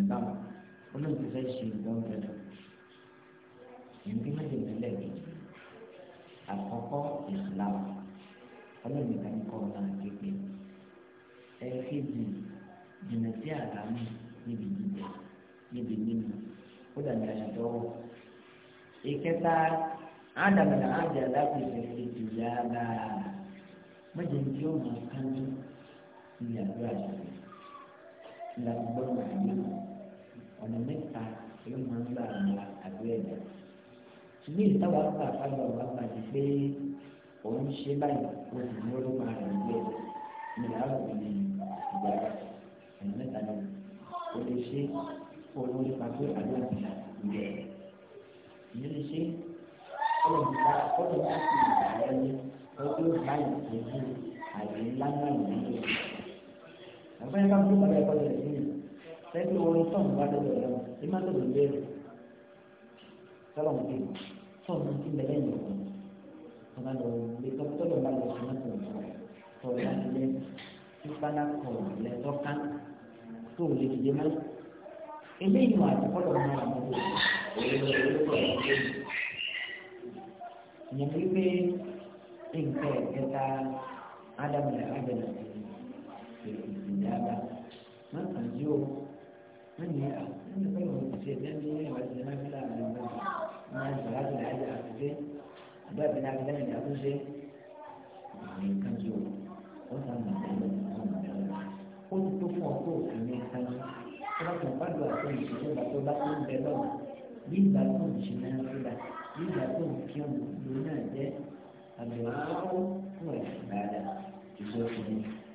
yóò olóògbé fẹ́ ṣe ìgbọ́n dandan ìbí méjèèjì lẹ́ẹ̀kejì àkọ́kọ́ islam olóògbé kan kọ́ ọ̀nà àgbègbè ẹ̀ẹ́kejì jìnnà sí àlámù níbi jíjẹ níbi mímu ó dàbí àṣetọ́wọ́ ìkẹta ádàmìnà ájà lápẹ̀sẹ̀ ètò yàrá méjèèjì ó máa kánú ìyàgbé àṣẹ ìlànà gbọ́dọ̀ àyè wọn ọ̀nà mẹ́ta ló máa ń gbà mọ àgbẹ̀ ẹ̀dá. ṣùgbọ́n ìtawà gbà fáwọn ọ̀gá gbà ti pé òun ṣe báyìí wọ́n ti mú orúkọ rẹ̀ níbẹ̀ ní ìlàwọ̀ ní ìgbà ọ̀nà mẹ́ta ni o lè ṣe kó o lè pàṣẹ àdúrà ìlà ìgbẹ́ ìyẹn lè ṣe olùdíkà olùdíkà ti ìgbà rẹ̀ ní ọdún báyìí tó ń bú àyè ńlá náà nìyẹn. àbẹ́yẹ́ ká gbé ọ̀rẹ́ ẹ̀kọ́ sẹ́ni orin tó ń bá dọ̀dọ̀ lọ ẹ má dọ̀dọ̀ lẹ́rù sọlọ́mù bíi sọ̀rọ̀ ti bẹ̀rẹ̀ yìí wọ̀ ọ̀ bá lọ lè tọ́ tọ́lọ̀ bá lọ sí mọ́tò ìjọba tọ́lọ̀ bá lẹ ìpàdà kọ̀ lẹ tọ́ka tó lè dìde mọ́ eléyìí wà á kọ́lọ̀ mọ́ àwọn ọmọ ìyẹn wípé nǹkan ẹ̀kẹta ádámù làwọn àgbẹ̀ nàìjíríà ètò ìdáàbà má hanya ah,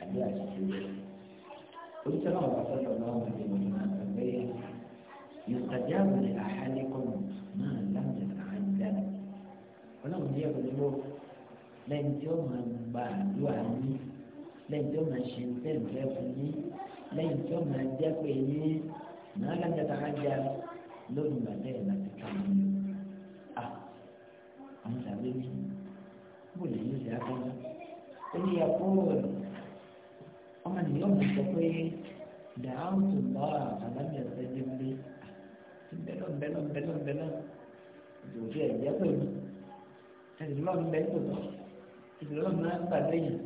inda قلت له صلى الله عليه وسلم يستجاب لأحدكم ما لم يتعدد ọlọ́run ní ẹ̀kọ́ ló lẹ́yìn tí ó máa gba àdúrà yín lẹ́yìn tí ó máa ṣe ńfẹ́ǹfẹ́ fún yín lẹ́yìn tí ó máa jẹ́ pé yín náà lágbàtà ájá lórí ìgbàdé láti ká yín à àwọn ìṣàlẹ́ mi bó lè yín ṣe á kọ́ ó ní ẹ̀kọ́ rẹ̀ ọmọ nìyọ́ mi sọ pé dàáwù tó lọ àbámi ọ̀sẹ̀ jẹ́ mi bẹ́lọ̀ bẹ́lọ̀ bẹ́lọ̀ bẹ́lọ̀ ìdòwòsí ẹ̀jẹ̀ pẹ̀lú ẹ̀dùnmọ́ mi bẹ́ẹ̀ tó tọ̀ ìdòwòsí mi máa ń gbà lẹ́yìn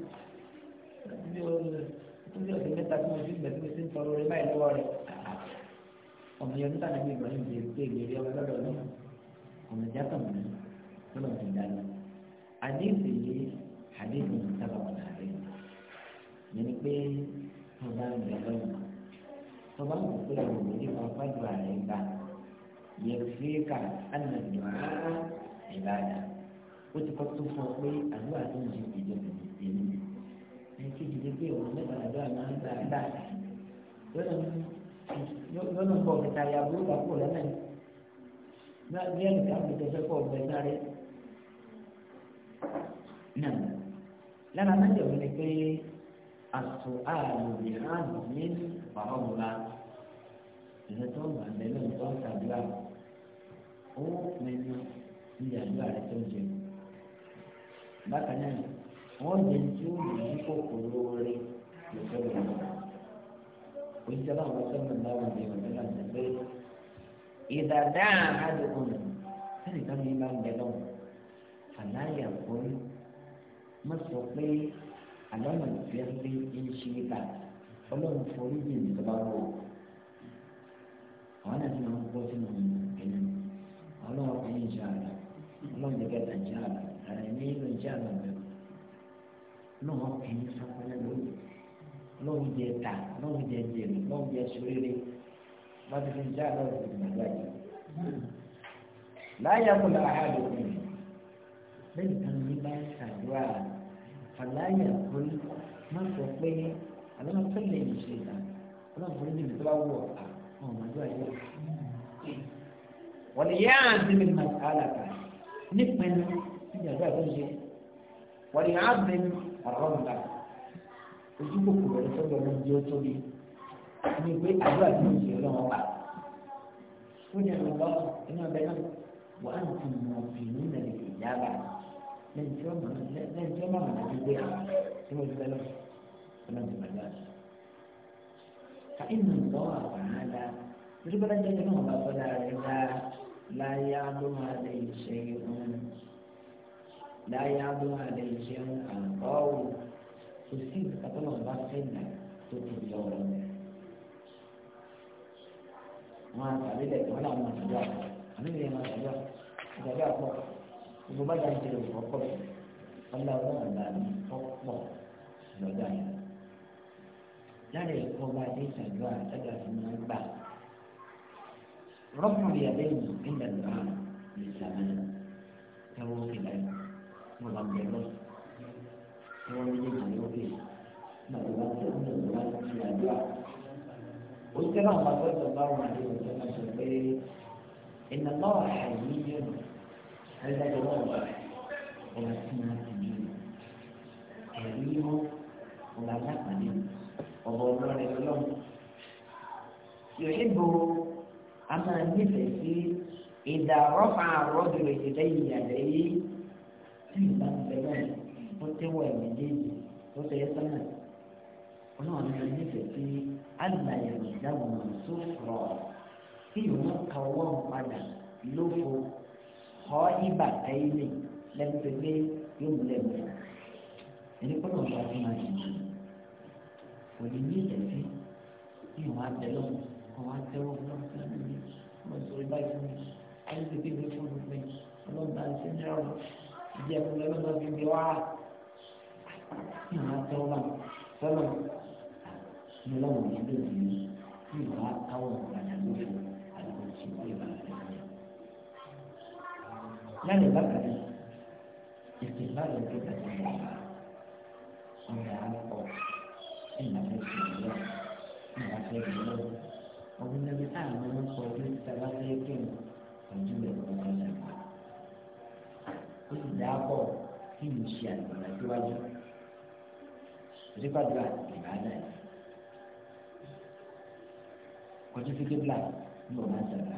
ní ọ̀sẹ̀ mẹ́ta tí mo ti gbẹ̀ tí mo ti ń tọrọ rẹ báyìí lọ́wọ́ rẹ̀ ọmọ yẹn níta níbi ìgbà yìí bèèrè pé ìgbèrè ọmọ lọ́dọ̀ náà ọmọ ìjà kan mọ̀ ní lọ́dọ̀ ti dáná àdéhùn yìí àdéhùn ìtàbà wọn yẹni pé ọba ń bẹ lọ́wọ́ ọba ń pè é òun nípa fájú ààrẹ gbà yẹn fi kà ánàdùn ààrẹ ìbàdà ó ti kọ́ tó fún ọ pé àdúrà tó ń ṣe ìjọba ìdílé ẹni kejì ni pé òun nípa àdúrà máa ń gbà dà lọ́nà bọ̀ kẹta ya burúkú àpò lọ́nà yìí náà bí ẹnì kan fi tẹ̀sẹ̀ pọ̀ bẹ́ẹ̀ sáré náà lára náà jẹ̀wọ́ ni pé. السؤال بهذه الفرملة إذا توم عندنا نقول تبلا هو من ìyàgbé rẹ̀ tó jẹ bákan náà wọ́n lè tí ó lè ní kòkòrò rẹ̀ lè sọ̀rọ̀ lọ oníṣẹ́ náà wọ́n sọ̀rọ̀ láwọn ọ̀dẹ̀ ọ̀dẹ̀ náà ti pé ìdàdá àádọ́kùn nù sẹ́ni kan ní bá ń bẹ lọ́wọ́ àláyà kórè má sọ pé àlọ́nà ìfẹ́ rí ń ṣe é bá ọlọ́run forí jìn ní tọ́ba wò àwọn àti àwọn gbọ́ sínú ẹ̀yìn ọlọ́run ẹ̀yìn ìṣe àlọ́ ọlọ́run jẹ́ kẹta ìṣe àlọ́ àrẹ ní ìlú ìṣe àlọ́ rẹ̀ ọlọ́run ẹ̀yìn sápẹ́lẹ́ lónìí ọlọ́run jẹ́ ta ọlọ́run jẹ́ jẹ̀rù ọlọ́run jẹ́ sóríire wọ́n ti fi ìṣe àlọ́ rẹ̀ ìgbàgbọ́ àjẹ́ láyé àkọlà àhàdùn lẹ́yìn kan ní bá ń ṣàdúrà fàlàyé àkórí má sọ pé àlọ́mọ tẹ́lẹ̀ yìí ṣe ìgbà ọlọ́run fún mi tó bá wù ọ́ àwọn ọmọ àjọ àyè wọ́n yá àti mi máa ta àlàkà nípinnu níjà àjọ àjọ ṣe wọ́n yá àti mi ọ̀rọ̀ nígbà ojú kòkòrò rẹ̀ sọ́dọ̀ ọmọ ìjọ tóbi ní pé àjọ àjọ ṣe ọlọ́run wà fún ìyàwó iná bẹ́ẹ̀ náà wà á tún mọ̀ fìlú nàìjíríà báyìí lẹ́yìn tí wọ́n máa mọ̀ ní gbé àwọn tí wọ́n fẹ́ lọ́wọ́ ọlọ́run máa dá sí. ká inú ìgbọ́ àbáná dá torí bọ́lá jẹ́ kí wọ́n bá fọ́lá rẹ̀ dá láyé ábúmọ̀ àlẹ́ ìṣe ìhun láyé ábúmọ̀ àlẹ́ ìṣe ìhun àǹkọ́wò kò sí ìtàkùnà bá fẹ́ nà tó ti lọ rẹ̀. wọ́n á tàbí lẹ̀ wọ́n làwọn àtàdúrà àmì ìrìn àwọn àtàdúrà àtàdúrà pọ̀. gbogbo bá jáde lè wọ́n pọ̀ ọlá ọlọ́run ni mi pọ̀pọ̀ lọ́dọ̀ àyà. lára ẹ̀kọ́ bá dé ìṣàdúrà ẹ̀dá tó máa ń gbà. rọ́pùn rí abẹ́yìn ìpínlẹ̀ lọ́wọ́ lè sàmì ẹ̀wọ́ òkèlè wọn bá bẹ̀rẹ̀ lọ. ẹ̀wọ́ méjèèjì ló dé màtí wọn tó ń lò wọn ti àdúrà. òṣìṣẹ́ náà bá gbọ́dọ̀ bá wọn àdéhùn tó máa sọ pé ìnáwó àyè yẹn adájọ́ náà wà ọ̀la tí máa ti yé ẹ̀rí mọ́ ọ̀la lápàdé ọ̀bọ̀ ọlọ́rẹ̀ ọlọ́run. yòóyìnbó a máa nífẹ̀ẹ́ sí ìdá rọ́pà rọ́bìrì ìdá ìyàlẹ́ yìí tí ìgbà ń bẹ náà ó tẹ́wọ̀ ẹ̀ méjèèjì ó tẹ́ sọ́nà ọlọ́run máa nífẹ̀ẹ́ sí alùpàyẹ̀wò ìdáhùn sófòrò kí ìwọ́n kàwọ́ padà lófo kọ́ ibà tẹ́lẹ̀ lẹ́nu tó gbé yóò múlẹ̀ mọ́ ẹni kọ́ náà wà fún àyè kò ní ní ìtẹ̀sí ní ìwà àtẹ̀lọ́ kọ́ wá tẹ́wọ́ fún ọ̀sán fún mi wọ́n fún mi ayé tó gbé fún mi ọlọ́mọba ń sẹ́ni ọ̀rọ̀ ìdí ẹ̀kọ́ lọ́mọba fi mi wá ní ìwà àtẹ̀wọ́ náà sọ́nà ní ọlọ́mọba ń bẹ̀rẹ̀ ní ìwà àtàwọn ọ̀gbàdàn lóṣù lẹ́yìn bákan náà ìpè báyọ̀ tó bẹ̀rẹ̀ ní ọ̀la ọ̀la àpọ̀ ìnáwó ìṣòro ìnáwó ìṣòro ọdún lẹ́bi táwọn ọmọ sọ pé sábà fẹ́ kí n ojú rẹ̀ kọ́ ọ́ lẹ́nu. ó sì dá pọ̀ kí n ṣe àgbàlá síwájú ìdíkọ̀dúrà ìbàdàn yìí. kọjú sí kébìlà ní ọ̀la ìṣàlá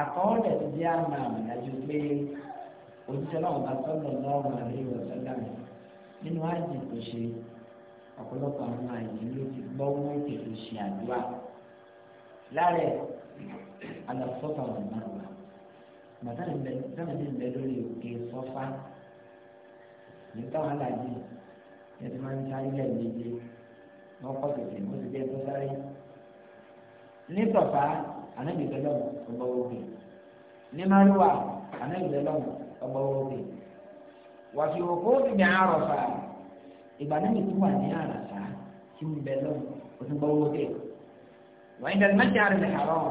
àkọọ́lẹ̀ tó jẹ́ àmà àmàdájú pé òjíṣẹ́ náà bá sọ́dọ̀ lọ́rùn àríwọ̀ sọ́dà mi nínú àjì tó ṣe ọ̀pọ̀lọpọ̀ àwọn àyè ló ti gbọ́ wọ́n tètè ṣe àdúrà lárẹ̀ alàfọ́fà wà náà wà màtàlì bẹ lórí òkè sọ́fà nípa aláàjì ẹ ti máa ń sáré lẹ́ẹ̀mejì wọ́n kọ́ tètè wọ́n ti jẹ́ tó sáré ní sọ̀fà. yi ànábì bẹ lọ́wọ́ ọba òkè ní màlúwà ànábì bẹ lọ́wọ́ ọba òkè wàfi òkú ti bẹ fa ìgbà mi tó wà ní àràfà tí ń bẹ lọ́wọ́ ọba òkè wàyí dàdí má jàre lè hàrọ̀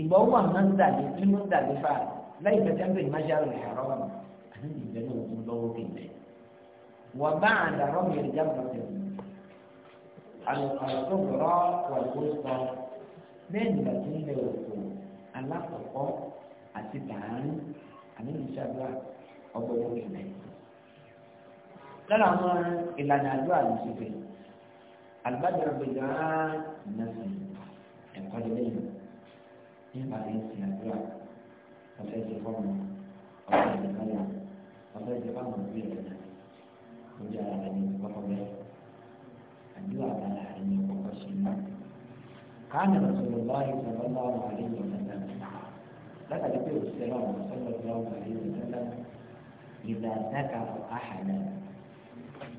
ìgbà wà má ń dàdí ní mú dàdí fà láì fẹ́ tẹ́ńpẹ́ má jàre lè hàrọ̀ ànábì bẹ lọ́wọ́ ọba òkè bẹ́ẹ̀. وبعد رمي wà lóko والوسطى bẹ́ẹ̀ nígbà tó ń lẹ òkú alákọ̀ọ́kọ́ àti tààrin àníyànṣàdúrà ọgbọ́dọ̀ ìlẹ̀. lára àwọn ìlànà àdúrà ló ti fẹ́ àlùbádàá gbẹ̀gbẹ̀ rárá nàṣẹ ẹ̀kọ́ lẹ́yìn nípa ìsìn àdúrà ọ̀fẹ́ ti fọ́ọ̀mù ọ̀fẹ́ ti fọ́ọ̀mù ọ̀fẹ́ ti fọ́ọ̀mù bí ẹ̀rọ náà ó jẹ́ ara rẹ̀ ní kọ́kọ́ bẹ́ẹ̀ àdúrà bá ara rẹ̀ ní كان رسول الله صلى الله عليه وسلم لقد يقول السلام صلى الله عليه وسلم إذا ذكر أحدا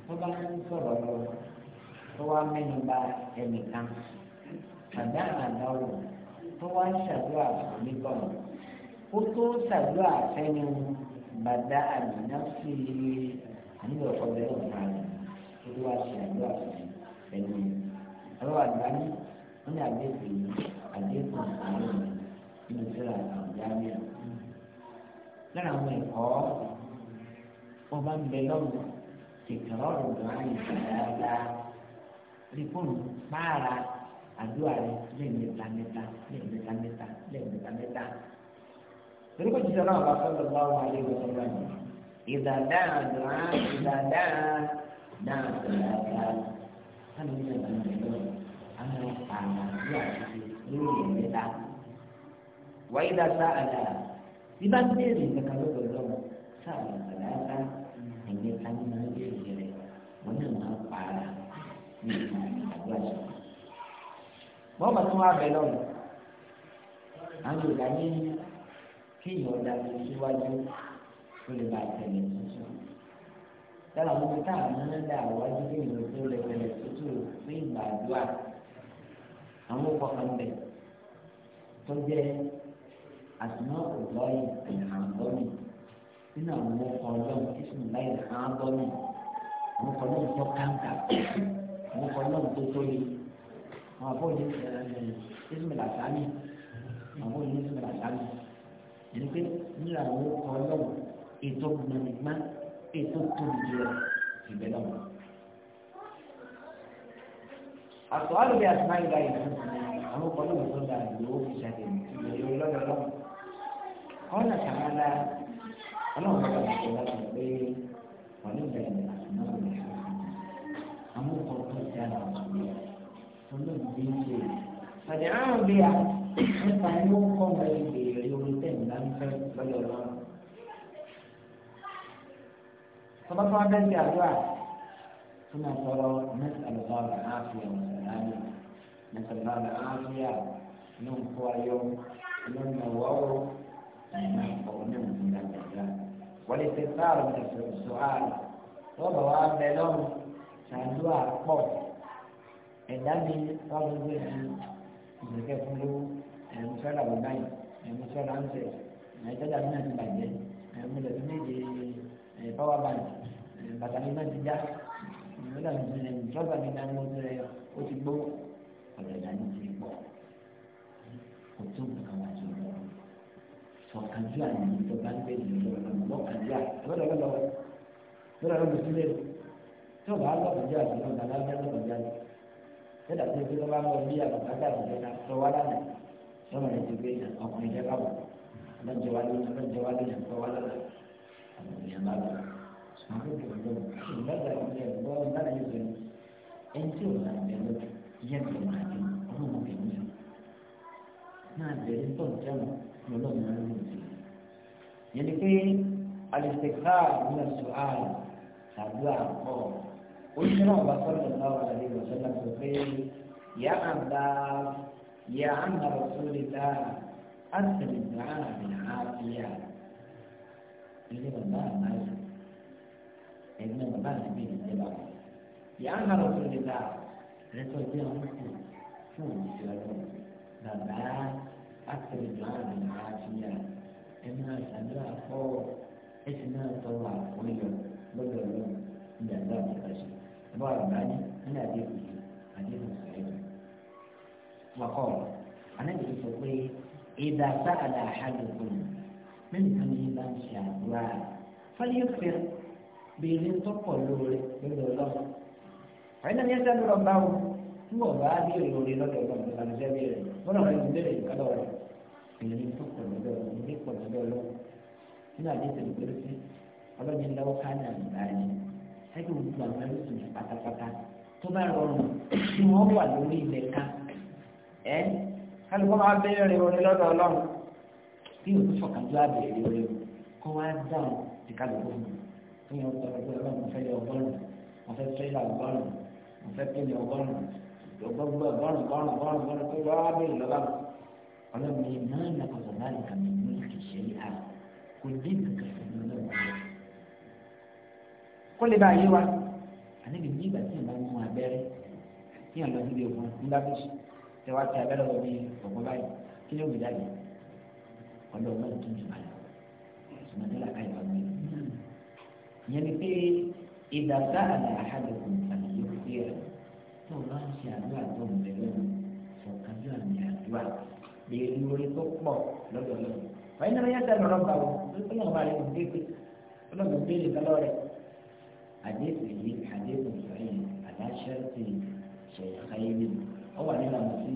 طبعا صلى الله هو من بعد أمكان فدعا له هو شدوى لكم kótó ṣàdúrà fẹ́ni bàdá àdínáfì àníbẹ̀ ọ̀pọ̀ bẹ́ẹ̀ ọ̀pọ̀ àná kótó wá ṣe àdúrà fẹ́ni. ọlọ́wà àdúrà ní wọ́n ní àdéhùn yìí àdéhùn àárín nínú síra àwùjáde lára àwọn ẹ̀kọ́ wọ́n bá ń bẹ lọ́wọ́ kìkìrọ̀ ọ̀dọ̀ àyè dáadáa rí fóònù pààrà àdúrà rẹ lẹ́ẹ̀mẹ́ta mẹ́ta lẹ́ẹ̀mẹ́ta mẹ́ta lẹ́ẹ̀mẹ́ta mẹ́ta. torí kò jíjọ náà bá sọ́dọ̀ bá wà lé wọ́n náà ní. ìdàdá àdúrà ìdàdá náà sọ̀rọ̀ àgbà. ká ló ń bẹ̀rẹ̀ lọ́wọ́ àwọn àmà sí àṣìṣe lórí ìmẹ́ta. wàyí dá sá àdára bí bá béèrè kankan lọ́dọ̀ lọ́wọ́ sáà àdáta ìmẹ́ta ní máa ń béèrè rẹ̀ wọ́n náà máa ń pa ara ní ìgbà àdúrà ṣe. wọ́n bá tún wá bẹ̀ lọ́wọ́ àwọn ìgbà ní kéèyàn ọ̀dà lè síwájú ó lè bá tẹ̀lé tuntun yálà wọn fi káàmù náà dà wájú kéèyàn tó lè tẹ̀lé tuntun fún ìgbà àdúrà àwọn ọkọ̀ kan bẹ̀ tó jẹ́ àtúnwá ọ̀dọ́ yìí àǹdọ́nì nínú àwọn ọkọ̀ ọlọ́run tí sùn láì àǹdọ́nì àwọn ọkọ̀ ọlọ́run tó káńtà àwọn ọkọ̀ ọlọ́run tó tóye àwọn àbọ̀ ní ìsúnmìlà sáni àwọn ní ìsúnmìlà sáni ẹni pé nínú àwọn ọkọ̀ ọlọ́run ètò gbọ̀nìgbọ́n ètò tóbi jù ẹ̀ ìbẹ̀lẹ̀ wọn àtọ̀wálò bí àti máa ń gba ìlú àwọn ọkọ̀ lóun tó dáa ló fi jáde ìlú lọ́dọ̀ lọ́wọ́ ọ̀nà kàmálà ọlọ́run bá wà lọ́wọ́ láti pé ọ̀nà ìbẹ̀rẹ̀ àti náà lè fi àwọn ọkọ̀ tó dára ọ̀tún olóògbé ń ṣe pàdé àrùn bí a nípa ní ó kọ́ ọmọ ìbéèrè orí tẹ̀mí láńfẹ́ lọ́dọ̀ lọ́wọ́ tọ́ba tó wá bẹ́ẹ̀ sí àdúrà suna tsaro nas'alullah al'afiya misali nas'alullah al'afiya nan kwayo nan nawawo nan kwanin muna kaza wani sai tsaro da su'al wọ́n wá bẹ lọ́rùn ṣàdúrà pọ̀ ẹ̀dá mi wọ́n gbé ju ìgbẹ́kẹ̀ fún lówó ẹ̀mú sọ́dà wọ báyìí ẹ̀mú sọ́dà ń tẹ̀ ẹ̀ẹ́dẹ́gbẹ̀rún náà ti bàjẹ́ ẹ̀mú lẹ́tọ́ méje ẹ̀ pọ́wọ́ báyìí bàtà mi náà ti já lọ́dọ̀ mi lẹ́nu ìjọba mi náà ló ti rẹ̀ ó ti gbó ọ̀rọ̀ ìdáná ti pọ̀ kò tó nǹkan wá sí ọ̀rọ̀ sọ̀kàndíà ní ìjọba ń gbé ìlú lọ́kàndíà lọ́dọ̀ lọ́dọ̀ lọ́dọ̀ lọ́dọ̀ sílẹ̀ tí ọba lọ́kàndíà sí ọ̀dà lábẹ́ lọ́kàndíà ni lọ́dà tó ti lọ́ba lọ bí àbàkàdà ìjọba náà sọ wá lánàá lọ́mọ rẹ̀ ti gbé ọkùnrin jẹ́ káwọ̀ lọ́jọ́ wá lónìí lọ́jọ́ wá lónìí sọ wá lánàá àwọn èèyàn bá lọ́wọ́. àbúrò lónìí ìgbàgbà ìyá ẹ̀gbọ́ ìbára yóò fẹ́ ẹni tí ò bá bẹ̀rẹ̀ yẹ kí máa di ọlọ́run bẹ̀rẹ̀ mi máa bẹ̀rẹ̀ tó ń jẹun lọ́lọ́run máa ń lò sí i yẹn ni pé alìsèká ìgbìmọ̀ sùhárì tàbí àpọ̀ oṣù náà bá sọ́dọ̀ náà wà lẹ́yìn ọ̀sán sọ pé yà á bá yà á nà rọ̀sọ́lẹ̀ dáa á sì rìn dáa àbí àáfíà ilé bàbá àbáyé. ẹ̀gbọ́n bàbá rẹ̀ bí ìdílé bá wọn. ìyá ń bára òfin lè ta rẹ̀ tó jẹ́ ọmọ kù fún òṣìṣẹ́ ọlọ́run bàbá àtẹ̀lẹ́dọ̀ àrùn àfíà ẹ̀mí àṣàdúrà pọ̀ ẹ̀sìn náà tọrọ àkóyọ lọ́dọ̀ ọlọ́run ní àdúrà ìfàṣẹ. ẹ̀bọ́ àgbà ní nílẹ̀ àdéhùn àdéhùn sọ̀rọ̀ wàkọ́ anábìyí sọ pé ìdá sáàdà àhàdùkùn mẹ́rin kan ní bá ń ṣe àdúrà fọlẹ́ fẹ́rẹ́ béèrè tọ́pọ̀ lóore lórí ọlọ́run àwọn ènìyàn yẹn sẹ́nu lọ́ba o tí wọ́n bá dé lóore lọ́dọ̀ ọlọ́run tó lọ́dọ̀ jẹ́ bẹ́ẹ̀ wọ́n náà lọ́dọ̀ bẹ́ẹ̀ kálọ̀ rẹ̀ béèrè tọ́pọ̀ lọ́dọ̀ ọlọ́run ní pọ̀ lọ́dọ̀ ọlọ́run nínú àdéhùn ìgbèrè sí ọlọ́run lọ́wọ́ káàdà ìgbàanì ẹgbẹ́ òkú àwọn ẹlẹ́sìn pátápátá tó bá rọrùn tí wọ́n wà lórí ilẹ̀ ká ẹ́ kálukọ́ máa bẹ́ẹ̀rẹ̀ orin lọ́dọ̀ ọlọ́run bí òkú fọkàndúrà bẹ̀rẹ̀ orin kọ́ wá dáhùn tí kálukọ́ fún un fún yẹn ọgbà pé ọlọ́run mo fẹ́ yẹ ọgọ́rùn mo fẹ́ tírélà ọgọ́rùn mo fẹ́ kéde ọgọ́rùn gbogbo ọgọ́rùn ọgọ́rùn ọgọ́rùn ọgọ́rùn pé wọ́n á béèrè lọ́la ọlọ́run yìí máa ń nàkọ̀tọ̀ láì kàmí ní ìṣe ìhà kò dé nǹkan fún mi lọ́wọ́ kó lè bá yé wa àníbi ní ìgbà tí ìgbà mú abẹ́rẹ́ kí yàn lọ síbi òkun nígbà tó ṣe tẹ wá ti abẹ́rẹ́ lọ bí ọ̀pọ̀ báyìí yẹn ni pé ìdàgbà àlẹ́ àhàdùkù àlàyé òkè rẹ̀ tó o bá ń ṣe àdúrà tó ń bẹ lọ́wọ́ fọ̀kànjú àmì àdúrà lè rí orí tó pọ̀ lọ́dọ̀ lọ́wọ́. wáyé náà yẹ sẹ́nu rọ́bà o ọlọ́run bá rẹ̀ kò dé pé ọlọ́run dé lè kálọ́ rẹ̀. àdéhùn yìí àdéhùn sọ̀yìn àdáṣẹ́ ti ṣẹ̀yà káyé mi ọ wà nínú àwọn sí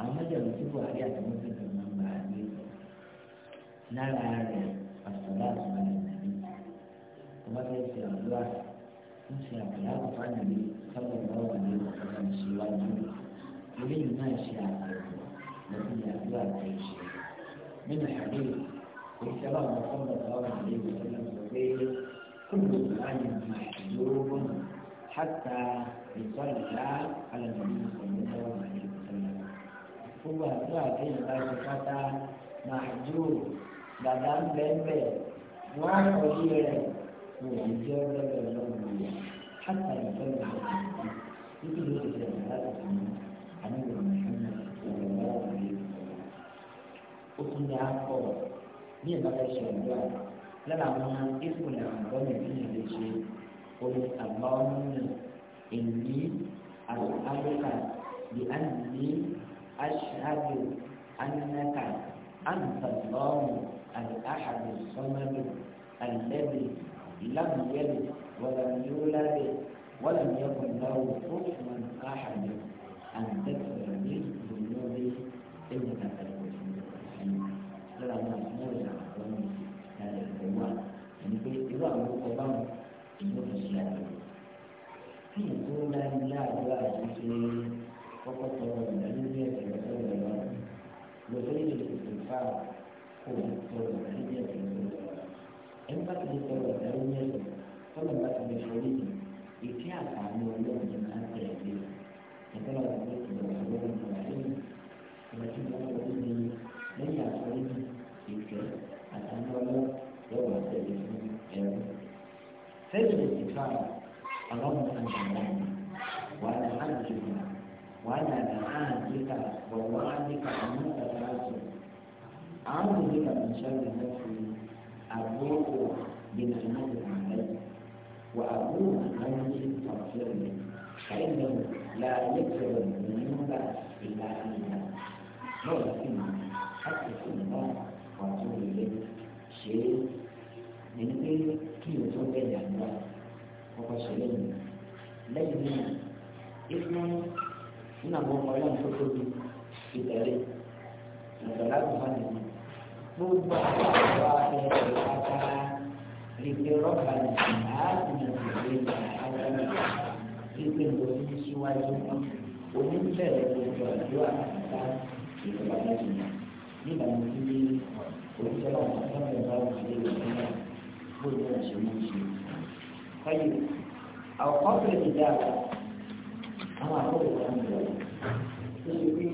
àwọn mẹ́jọ̀rọ̀ tí buhari àtàwọn tó ń bá gbé lára rẹ̀ pàṣẹ láti wọ́n fẹ́ ṣe àdúrà ń ṣe àdúrà kò fáwọn ìlú sábà lọ́wọ́ ní ọ̀sán ìṣíwájú eléyìí náà ṣe àdúrà lọ́sí àdúrà tó ṣe. nínú ìpàdé ìṣẹ́lá àwọn ọ̀sán ìṣáwọ̀ ìlú ìṣẹ́lá sọ pé kúrò láàyè máa lóró حتى يصلى على النبي صلى الله عليه وسلم هو أدرى في الباشقة محجوب بدن بنبه وعن أوليه والإجابة لهم حتى يتم الحديث مثل الاستدلالات عن ابن محمد صلى الله عليه وسلم وقلنا قول ní ìbára ìṣẹ̀ ìgbà lára àwọn ìpìlẹ̀ àgbọ̀nà ìpínlẹ̀ lè ṣe orí àgbọ̀nà èmi àlùkálùkà di àdìní aṣáájú anáka àǹtàlọ́ọ̀mù àlùkáhàdù sọ́mọ́dù àlùlẹ́bì. لم يلد ولم يولد ولم يكن له كفوا أحد أن تكفر به بالنور إنك فالمسلم الرحيم لرى ما أسمعه عن هذا الزواج يعني في إذا أمر قبام إنه الشافعي في سورة لا أدواء شيء فقط من الأنبياء وسورة الأرض وسورة الاستغفار هو سورة الأنبياء bá ti di sọ̀rọ̀ ẹ̀rọ ní ẹ̀sìn tọ́lọ̀ bá ti di forí jù ìké àtàwọn olóògùn ní máa ń tẹ̀lé bí ẹ̀tọ́lọ̀ bá ti di sọ̀rọ̀ ẹ̀rọ ní ìwàlẹ́yìn ìwà tí wọ́n lọ sí ní lẹ́yìn àforí jù ìké àtàwọn olóògùn yóò tẹ̀lé fún ẹ̀rọ. sẹ́yìn ìfà ọlọ́run kan ṣàlàyé wàhálà àjùmọ̀ wàhálà àjùmọ̀ wàhálà àjùmọ̀ àwọn òbí kan ṣàlàyé أبوه بنعمته علي وأبوه عني فاغفر لي فإنه لا يغفر الذنوب إلا أنت هذا فيما حتى في الله وأتوب إليه شيء من غير كي يتوب إلى الله وقصرين لجنة اسمه إنه هو قيام في تاريخ نزلات هذه gbogbo àwọn àwọn ẹ̀rọ àgbà lèpe rọ́bà nìyà àtúnyẹ̀ lèpe àgbà lèpe lòdì síwájú oníbẹ̀rẹ̀ gbogbo àjọ àgbà tí ìgbà lẹ́yìn nígbà tí oníṣẹ́lá àgbà bá wà ní ìlú náà gbogbo ẹ̀ṣẹ̀ mú ṣe. Kọ́yì, àwòkọ́ bẹ̀rẹ̀ ti dára àwọn àkókò kan bẹ̀rẹ̀ tó ṣe pé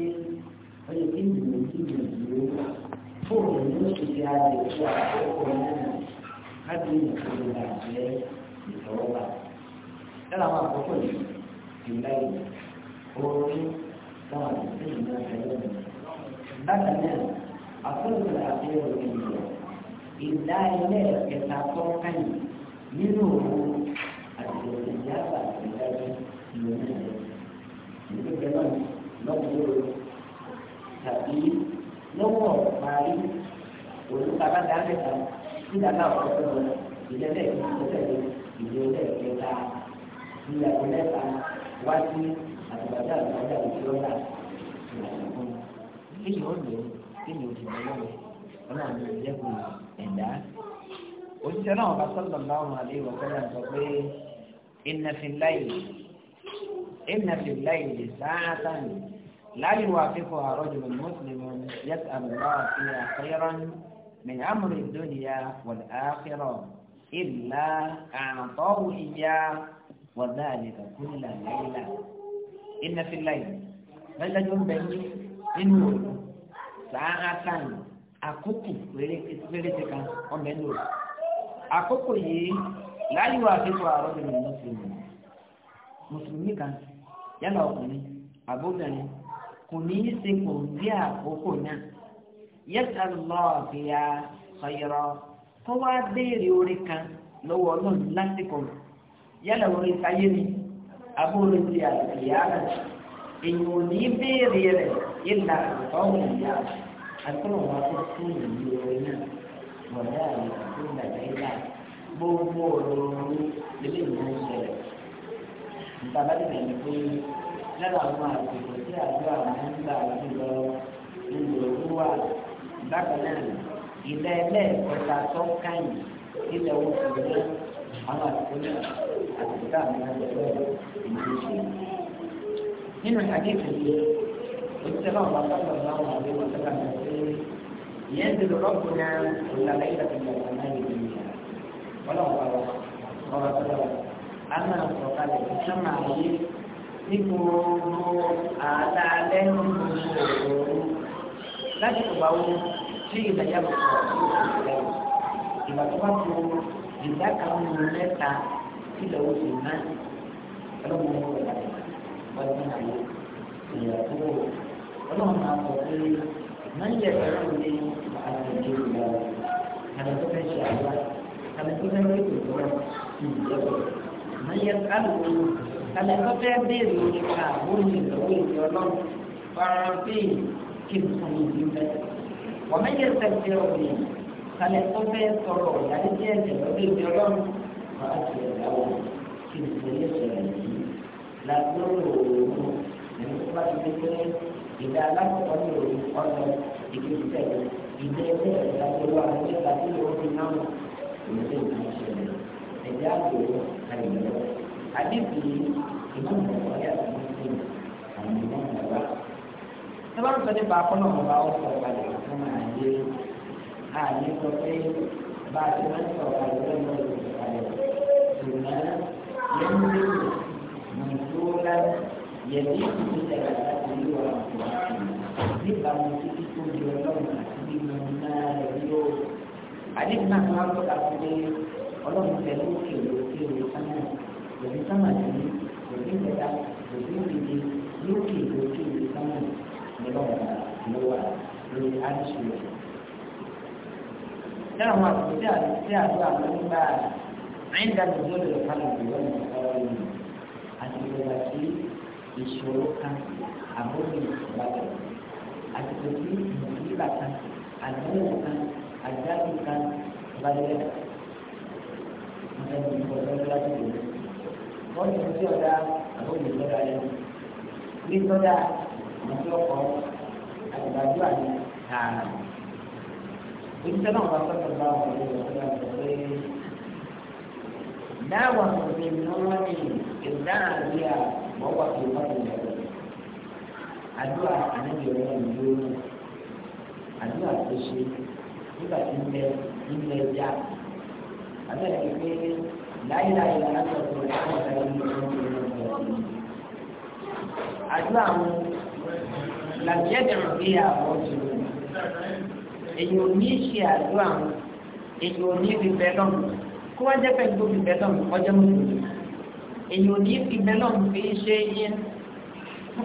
ọyẹ kí nìyẹn kí nìyẹn ló wà fóònù ní ìdí ayé ìwà àkókò náà láti ìkòlò àjẹ́ ìtọ́wọ́bà. Lára àwọn àkókò yìí, ìlàyé, orí, táwọn àti ìlú àtẹ̀lẹ́ mi. Bákan náà, àkókò àti òkè ìlú, ìdá ilé ẹ̀ka tó kányì nínú òun àti òkè ìyáàbà ìdájọ́ ìlú náà. Ìlú bẹ̀rẹ̀ lọ́dún tàbí lọ́wọ́ màálí òun bàbá dáńdé kan nígbà náà wọ́n fún wọn ìdẹ́lẹ̀ ìdẹ́lẹ̀ ìdẹ́lẹ̀ ìdẹ́ta ìyàwó mẹ́ta wá sí àtìgbàdá àtìgbàdá ìṣọ́ra ìlànà fún un. kí ni ó lò kí ni ó ti mọ lọ́wọ́ wọn náà lè dẹ́kun ẹ̀dá. òṣìṣẹ́ náà bá sọ́dọ̀ báwọn àlẹ́ ìwọ̀sẹ́lẹ̀ sọ pé ìnàfìláì ìnàfìláì lè sáátà nìyí. لا يوافقها رجل مسلم يسأل الله فيها خيرا من أمر الدنيا والآخرة إلا أعطاه إياه وذلك كل ليلة إن في الليل بل ينبغي إنه ساعة àkókò péréte kan ọmọ ẹni rẹ àkókò yìí láyé wà fífọ àrọ́bìnrin mùsùlùmí kan yálà ọkùnrin àbóbìnrin kò ní í ṣe kò ní àkókò náà yẹ́sà lọ àbíyá sọ̀yọ̀rọ̀ kó wá béèrè orí kan lọ́wọ́ ọlọ́run lásìkò yálà orí sáyé ni abóore ti àbíyá rẹ̀ èyàn ò ní béèrè rẹ̀ ìlà ọ̀hún ìyá àtúrò wọn tó fún ìlú orí náà wọ̀nyá àyè tó dàgbà ìlà gbogbo ọ̀rọ̀ orí lè lè ìṣẹ̀lẹ̀ nígbà bá dìbò ẹni lára àwọn àgbègbè tí àjọ àwọn nígbà jùlọ nílò wíwà bákan náà ilé ẹlẹ́ẹ̀kẹta tó káyìn ilẹ̀ oṣù náà àwọn àgbègbè náà àtìgbà àwọn àgbègbè ìlú ṣe. nínú àdéhùn yìí òṣìṣẹ́ náà wà lọ́dọ̀ láwọn àgbègbè tó kà ní pé ìyẹn ti lọ rọ́pò náà ìlànà ìlà tó náà yìí ní ní gbogbo àlàálẹ́ ní gbogbo òru láti ọ̀gbà wo tí ìdájà bọ̀ sọ̀rọ̀ sí òṣèlú ìgbà tó bá tó ìdá kan nínú mẹ́ta tí ìdáwó sì ná ọlọ́run ní ọ̀gbà wọ́n ti náà yẹ ìyá tó wọ̀ ọlọ́run máa sọ pé máa ń yẹ ẹ̀rọ ní àgbègbè ìgbà wọn tó fẹ́ ṣe àgbà àgbẹ̀ tó fẹ́ rí ìgbà wọn ìjọba máa ń yẹ kálukú àlẹ́kọ́fẹ́ béèrè nípa àwọn ìlọ́wọ́ ìlú ọlọ́run faransé kí n kàn yín bíbẹ́. wọ́n méje sẹ́kẹ̀ ọ̀gbìn àlẹ́kọ́fẹ́ sọ̀rọ̀ ìdájẹ́ ẹ̀jẹ̀ lọ́dún ìlú ọlọ́run máa ti ẹ̀dá kí n kàn yín sọ̀rọ̀ yìí lágbóró òòrùn ẹ̀mí tó bá pé ìdá alákọ̀ọ́ ní òòrùn ọ̀dọ̀ ìgbésẹ̀ ìdẹ́ àdébì ìmọ̀ ìgbàlódé àti ìdílé àwọn ìmọ̀ ìgbàlódé. ní wọ́n sọ nípa akọ́nà ọ̀gá ọ̀sọ̀ ọ̀gbàlẹ̀ fún àyè àyè sọ pé bá a ti máa ń sọ ọ̀gbàlẹ̀ lọ́wọ́ ìgbàlẹ̀ ṣùgbọ́n yẹn ń lé mọ̀tòlá yẹn ní ìdílé àti ìlú àwọn níbàámu títí tó di ọlọ́run àti nínú náà yóò àdébì náà wọ́n sọ sama kò sí sámà sí kò sí ìjẹta kò sí ìdíje lókè lókè sámà lọ́wọ́ lọ́wọ́ lórí àdìsí rẹ̀. Náà wọn kò sí àti àdúrà lọ nígbà àyíǹda ló lórí rẹ̀ kálọ̀ ìwé ọ̀nà ọ̀rọ̀ yìí àti ìgbà tí ìṣòro kan àbórí ìbàdàn àti kò sí ìmọ̀lẹ́bà kan àdúrà kan àjálù kan ìbàdàn. Wọ́n fẹ́ bí ìfọ̀sọ́nù láti lò ó wọ́n ní ìdí ọ̀dà àwọn olùdókòdà yẹn bí sọ́dà àti ọkọ̀ àgbàdo àti ààrà. Ìjọba náà wà sọ́dọ̀ bá wọn lé wọn lọ́wọ́ pé dáwọn òbí náà ní ìdáhàbí à wọ́n wà sí wọ́n ní ìdájọ́. Àdúrà ànábì ọ̀rẹ́ mi lórí àdúrà tó ṣe nígbà tí ń bẹ nílẹ̀ ẹja. Àbẹ̀rẹ̀ pé láyéláyé láti ọ̀sẹ̀ láti ọ̀sẹ̀ láti ọ̀sẹ̀ àdúrà àwọn làjẹ́dẹ̀rù bí àwọn ọ̀sẹ̀ èyí ò ní ṣe àdúrà àwọn èyí ò ní fi bẹ́ẹ̀ lọ́mù kó wá jẹ́ pẹ́ gbó fi bẹ́ẹ̀ lọ́mù ọjọ́ mọ́tò èyí ò ní fi bẹ́ẹ̀ lọ́mù fi ṣe iye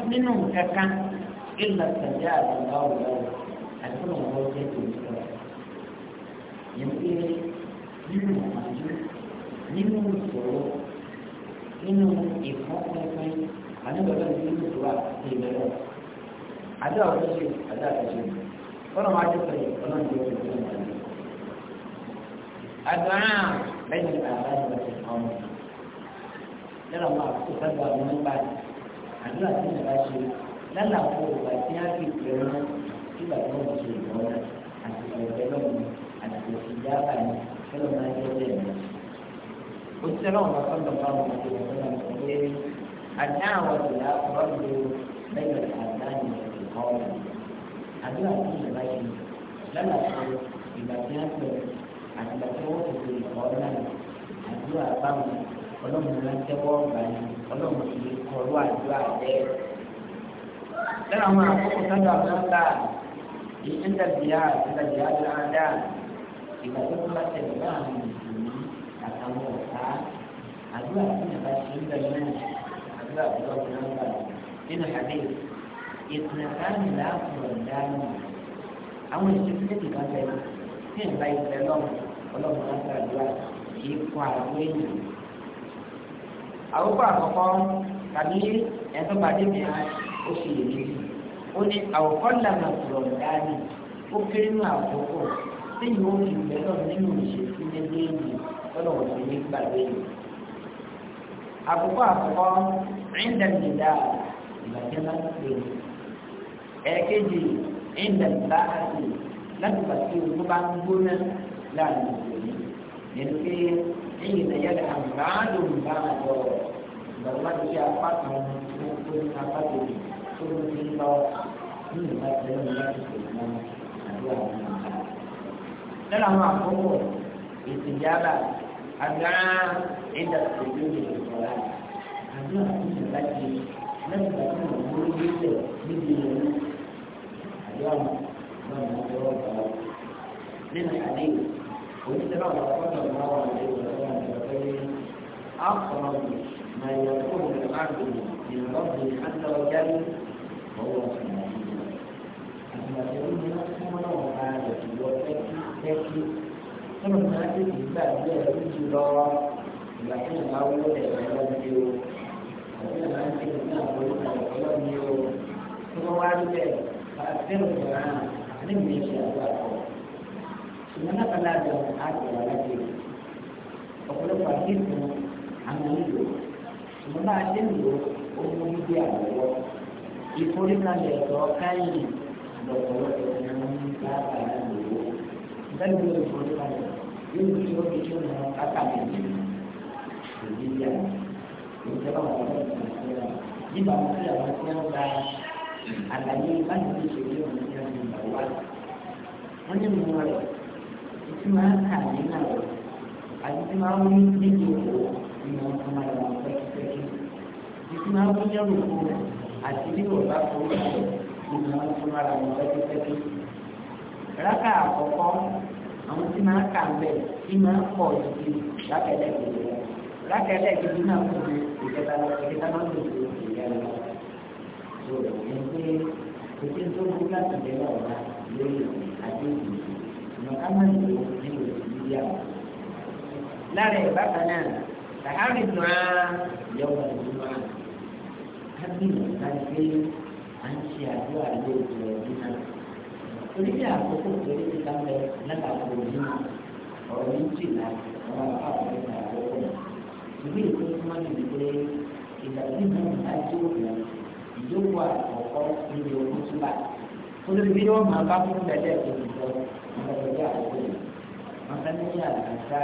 nínú kankan ìlà tàjà àdúrà ọ̀rọ̀ àti ọ̀rọ̀ ọ̀rọ̀ ọ̀rọ̀ ọ̀rọ̀ nínú ìṣòro nínú ìfọ́npẹ́pẹ́ àníbàbá nínú ìṣòro àti ìbẹ̀rẹ̀ àdó àkọsí àdó àkọsí ọ̀nà máa dúpẹ́ ọ̀nà ìjọba ìjọba ìjọba ìjọba àdúrà lẹ́yìn àbá ìjọba ti kàn mí lọ́nà máa kó sábà wọn bá àdúrà tí ìjọba ṣe lálàfo ìgbà tí a fi pẹ̀lú ìgbà tí wọ́n ti ṣe ìwọ́n àti ìgbà tí wọ́n ti ṣe kí òṣìṣẹ́ náà wọ́n sọ́dọ̀ bá wọn ṣe ìṣẹ́lẹ̀ pé àti àwọn ìyá rọ́ọ̀lù lẹ́yìn àdáni ìkọ́ ọ̀rọ̀ àdúrà tí ìjọba yìí lálàfo ìgbà tí wọ́n pẹ̀ àti ìgbà tí wọ́n tètè ìkọ́ náà àdúrà báwọn ọlọ́run náà tẹ́wọ́ ọ̀gbà yìí ọlọ́run ti kọrú àdúrà bẹ́ẹ̀. lẹ́nu àwọn àkókò sọ́dọ̀ àbúrò ìṣẹ́ńdàbíyà ìṣẹ́ńdàbíyà ló ń dá ìgbà tó kọ́ àtàwọn ọ̀tá àdúrà tí nàbà ṣe ń bẹ̀rẹ̀ náà àdúrà ọ̀dọ́ ọ̀gbìn náà nínú hadith ìtìnàtàmì láàpọ̀ dáná àwọn ìṣẹ́jú méjì kan bẹ̀rẹ̀ tí ìgbà ìgbẹ́ lọ́wọ́ ọlọ́run náà gbàdúrà kì í kọ àwọn èèyàn. àwòkọ́ àkọ́kọ́ tàbí ẹ̀tọ́ pàdé mi á ó ṣe lè méjì ó ní àwòkọ́ lànà ọ̀rọ̀ ó kéré ní àkókò tọ́lọ̀ wọ́n ti ní gbàgbé yìí. àkókò àkọ́kọ́ ìdàgbèdà ìbàjẹ́ máa ń pè é ẹ̀ẹ́kejì ìdàgbà àti láti pàṣẹ òkú bá ń gbóná láàrin òkèlè nínú pé ẹ̀yìn ìdáyàdà àgbàdo bá a lọ ìgbàgbọ́ ti ṣe apá kan tó ń pè apá kejì tó ń ti lọ ní ìbáṣẹ́ ní láti pè mọ́ àdúrà ní ìgbà. lọ́la àwọn àkókò ìsìnjábà الدعاء عند السجود للصلاة الدعاء عند الأكل لم تكن الأمور جدا مثل اليوم من من الحديث وإذا رضى الله عليه وسلم أقرب ما يكون العبد من ربه عز وجل هو الصلاة أما تقول لنفسه ولو هذا في وقتك kí wọn máa tètè gbà bí ẹ lójú lọ ìgbà tí wọn máa wọ ẹ lọ bí o àti wọn máa ń tètè náà wọ ẹ lọ bí o tí wọn wá níbẹ̀ àtẹ̀wọ̀n náà ní mi ṣe àgbà kọ ṣùgbọ́n náà kan láàbẹ̀ àgbẹ̀rẹ̀ láti ọ̀pọ̀lọpọ̀ àkíyèsí àwọn ìlò ṣùgbọ́n bá ṣe ń lò ó mú ibi àwọ̀ ìforíkalẹ̀ ọ̀rọ̀ káyìn lọ́pọ̀lọpọ̀ sẹ́ni tó lè fọ́n nípa rẹ̀ yóò ní ìṣòro kí tí ó mọ káàkiri àti nàìjíríà ló jẹ́ bá wà lọ́wọ́ nàìjíríà nígbà wọn sí àwọn tí wọ́n gba àlàyé láti fi ṣe ilé ọ̀nà ìyá mi ìgbà wá. wọ́n ní mú rẹ̀ títí máa ń kà ní náà rẹ̀ àti tí máa ń rí níbi òkú ni wọ́n fún máa lọ pẹ́kípẹ́kí títí máa ń rí yẹ́rù òkú rẹ̀ àti bí òbá fún rẹ̀ ni wọ́n fún máa lọ pẹ́kípẹ́kí. rákà àkọ́kọ́ àwọn tí máa kà ń bẹ̀ tí máa pọ̀ sí lákẹ̀lẹ̀ kejì rẹ̀ lákẹ̀lẹ̀ kejì náà kò ní ìkẹta ìkẹta máa ń lò sí ìyá rẹ̀ tó ẹni pé kò sí tó burú láti bẹ̀rẹ̀ ọ̀la lórí àti ìlú ìmọ̀ ká má lò ní ìyá rẹ̀. lára ẹ̀ bákan náà sàárì náà yọ̀wọ̀ ìlú wa á bí ìlú ká gbé à ń ṣe àdúrà lóòótọ́ ọdún torí ní àkókò torí ti ká bẹ látàkùn òní ọ̀rọ̀ méjìlá àwọn àpapọ̀ nípa àkókò ìwé ìpín tí wọ́n ti pé ìgbà tí wọ́n bá jókòó ìjókòó àkọ́kọ́ níbi ogún túbà olórí bí wọ́n máa bá fún bẹ́lẹ̀ kejì lọ nípa ìgbà àkókò yìí wọ́n ká ní ní àlàáfíà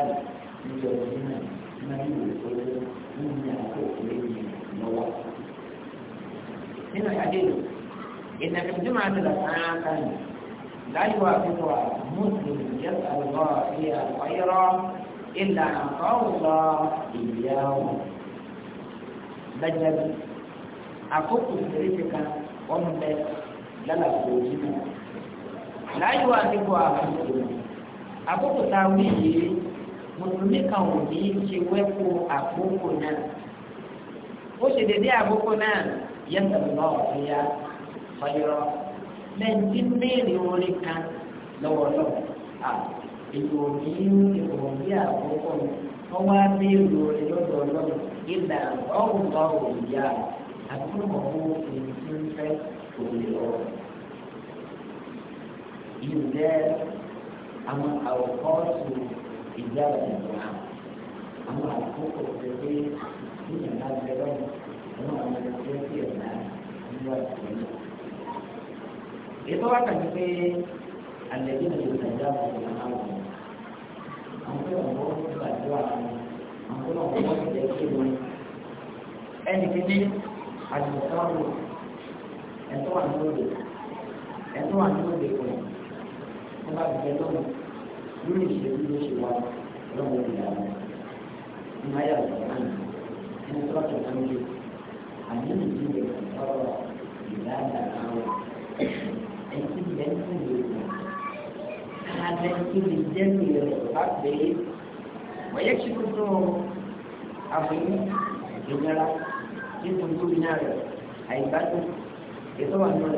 níbi ọdún náà máa ń wò pé wọ́n ní àkókò lẹ́yìn lọ́wọ́ nínú ìyá dé lò ìdàkẹ́jọ́ máa لا يوافقها مسلم يسأل الله فيها خيرا إلا أعطاه الله إياه بجد àkókò ìṣeré kan wọ́n ń bẹ lálàbò òjìnà láyé wa níbo àkókò àkókò tá a wí yìí mùsùlùmí kan ò ní í ṣe wẹ́pọ̀ àkókò náà ó ṣe dédé àkókò náà yẹn tẹ̀lé náà ọ̀fẹ́ yá fọyọ́rọ́ lẹ́ńtí mẹ́rin orin kan lọ́wọ́lọ́wọ́ à ètò òbí ètò òbí àkọ́kọ́ ni wọ́n wá mẹ́rin orin lọ́dọ̀ ọlọ́run ìlà ọ̀gbà òyà àtúnmọ̀ owó èyí tí ń fẹ́ òye ọ̀rọ̀. Ìlú jẹ́ àwọn àwòkọ́ọ̀tù ìjà ìjọba àwọn àkókò pẹ̀lú ìyànlá ìjọba. ètò wa kàn ní pé àlẹ́bí ni yóò tẹ̀lé àwọn ọmọ náà wọ̀ àwọn tó wọ̀ wọ́n ti gbàdúrà àwọn tó wọ̀ wọ́n ti tẹ̀lé wọn ẹnì kejì àdìmọ̀tàwò ẹ̀tọ́ wà ní òde ẹ̀tọ́ wà ní òde kọ̀ wọ́n bá ti bẹ̀rẹ̀ lọ́wọ́ lórí ìṣèlú ló ṣe wá lọ́wọ́ ìyàwó ìmọ̀ ayé àgbà náà ẹni tó wà tó náà ń lé àdéhùn ìdílé ọ̀rọ̀ ìyá àgbà هذا الجن والعبد ويكشف الظهور عظيم جملة جسم كل نار عيبات يطوى النور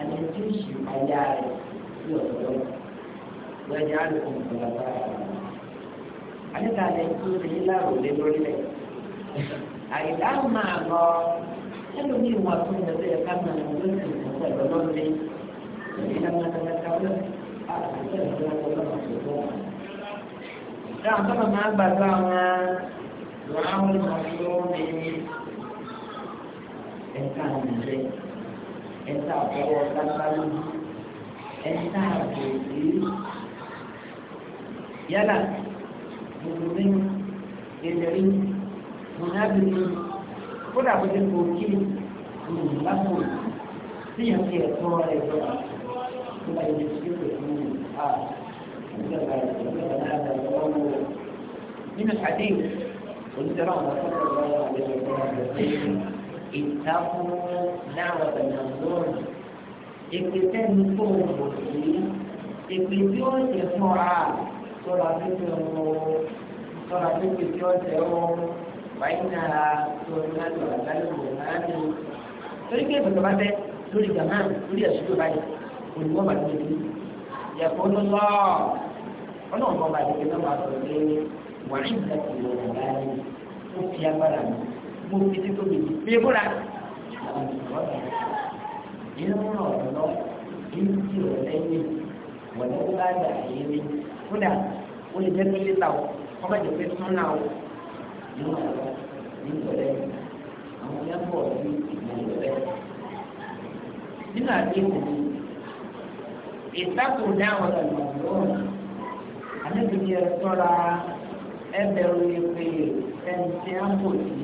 أن يمشي على ويجعلكم خلفاء أنا تعالى يقول الله لله àìdáhùn máa lọ ẹlòmíì wà fún ẹgbẹ́ ká máa ń lọ sí ìfọ̀sẹ̀ lọ́lọ́rin Dáhùn sọ́nà máa gbàgbọ́ àwọn ìwàhùn ìmọ̀lẹ́wọ́ mi ní ẹ̀ka ìrẹ́, ẹ̀ka ọ̀pọ̀wọ́ lágbàlú, ẹ̀ka àgbègbè. Yálà, mùsùlùmí, ìdẹ̀rí, mùnábìrì, kódà kó ti kò kí mùsùlùmí lásìkò, síyàn ẹ̀kọ́ ẹ̀kọ́ àti suna yin cikin da su a من الحديث والدراء صلى الله عليه وسلم اتقوا دعوة المنظور اكتتاب نفوه المسلمين اكتتاب يسوع صلى صلى الله وإنها سنة الغلب والغالب فلكيف تبعت لوري جمال لوري أشكو بعيد olùkọ́ bàtí ẹ̀kí yẹ̀kọ́ ló lọ́ ọlọ́run bọ́ bàtí ẹ̀kí náà máa sọ̀rọ̀ pé wà ní ìdájọ́ ìwọ̀n báyìí ó fi agbára mi mo fi tí tóbi bí i búra inú ọ̀rọ̀ lọ inú tí ò lẹ́yìn wọ̀n ló bá dà yé mi kódà ó lè jẹ́ pé lítà o wọ́n bá jẹ́ pé súnà o inú ọ̀rọ̀ inú ọ̀rẹ́ àwọn yẹn bọ̀ sí ìmọ̀ ọ̀rẹ́ nínú àdéhùn mi ìtàkùn dáhùn ọ̀dọ̀ àlejò yẹ sọ́ra ẹbẹ̀rù yẹ pé ẹni tí a ń bò sí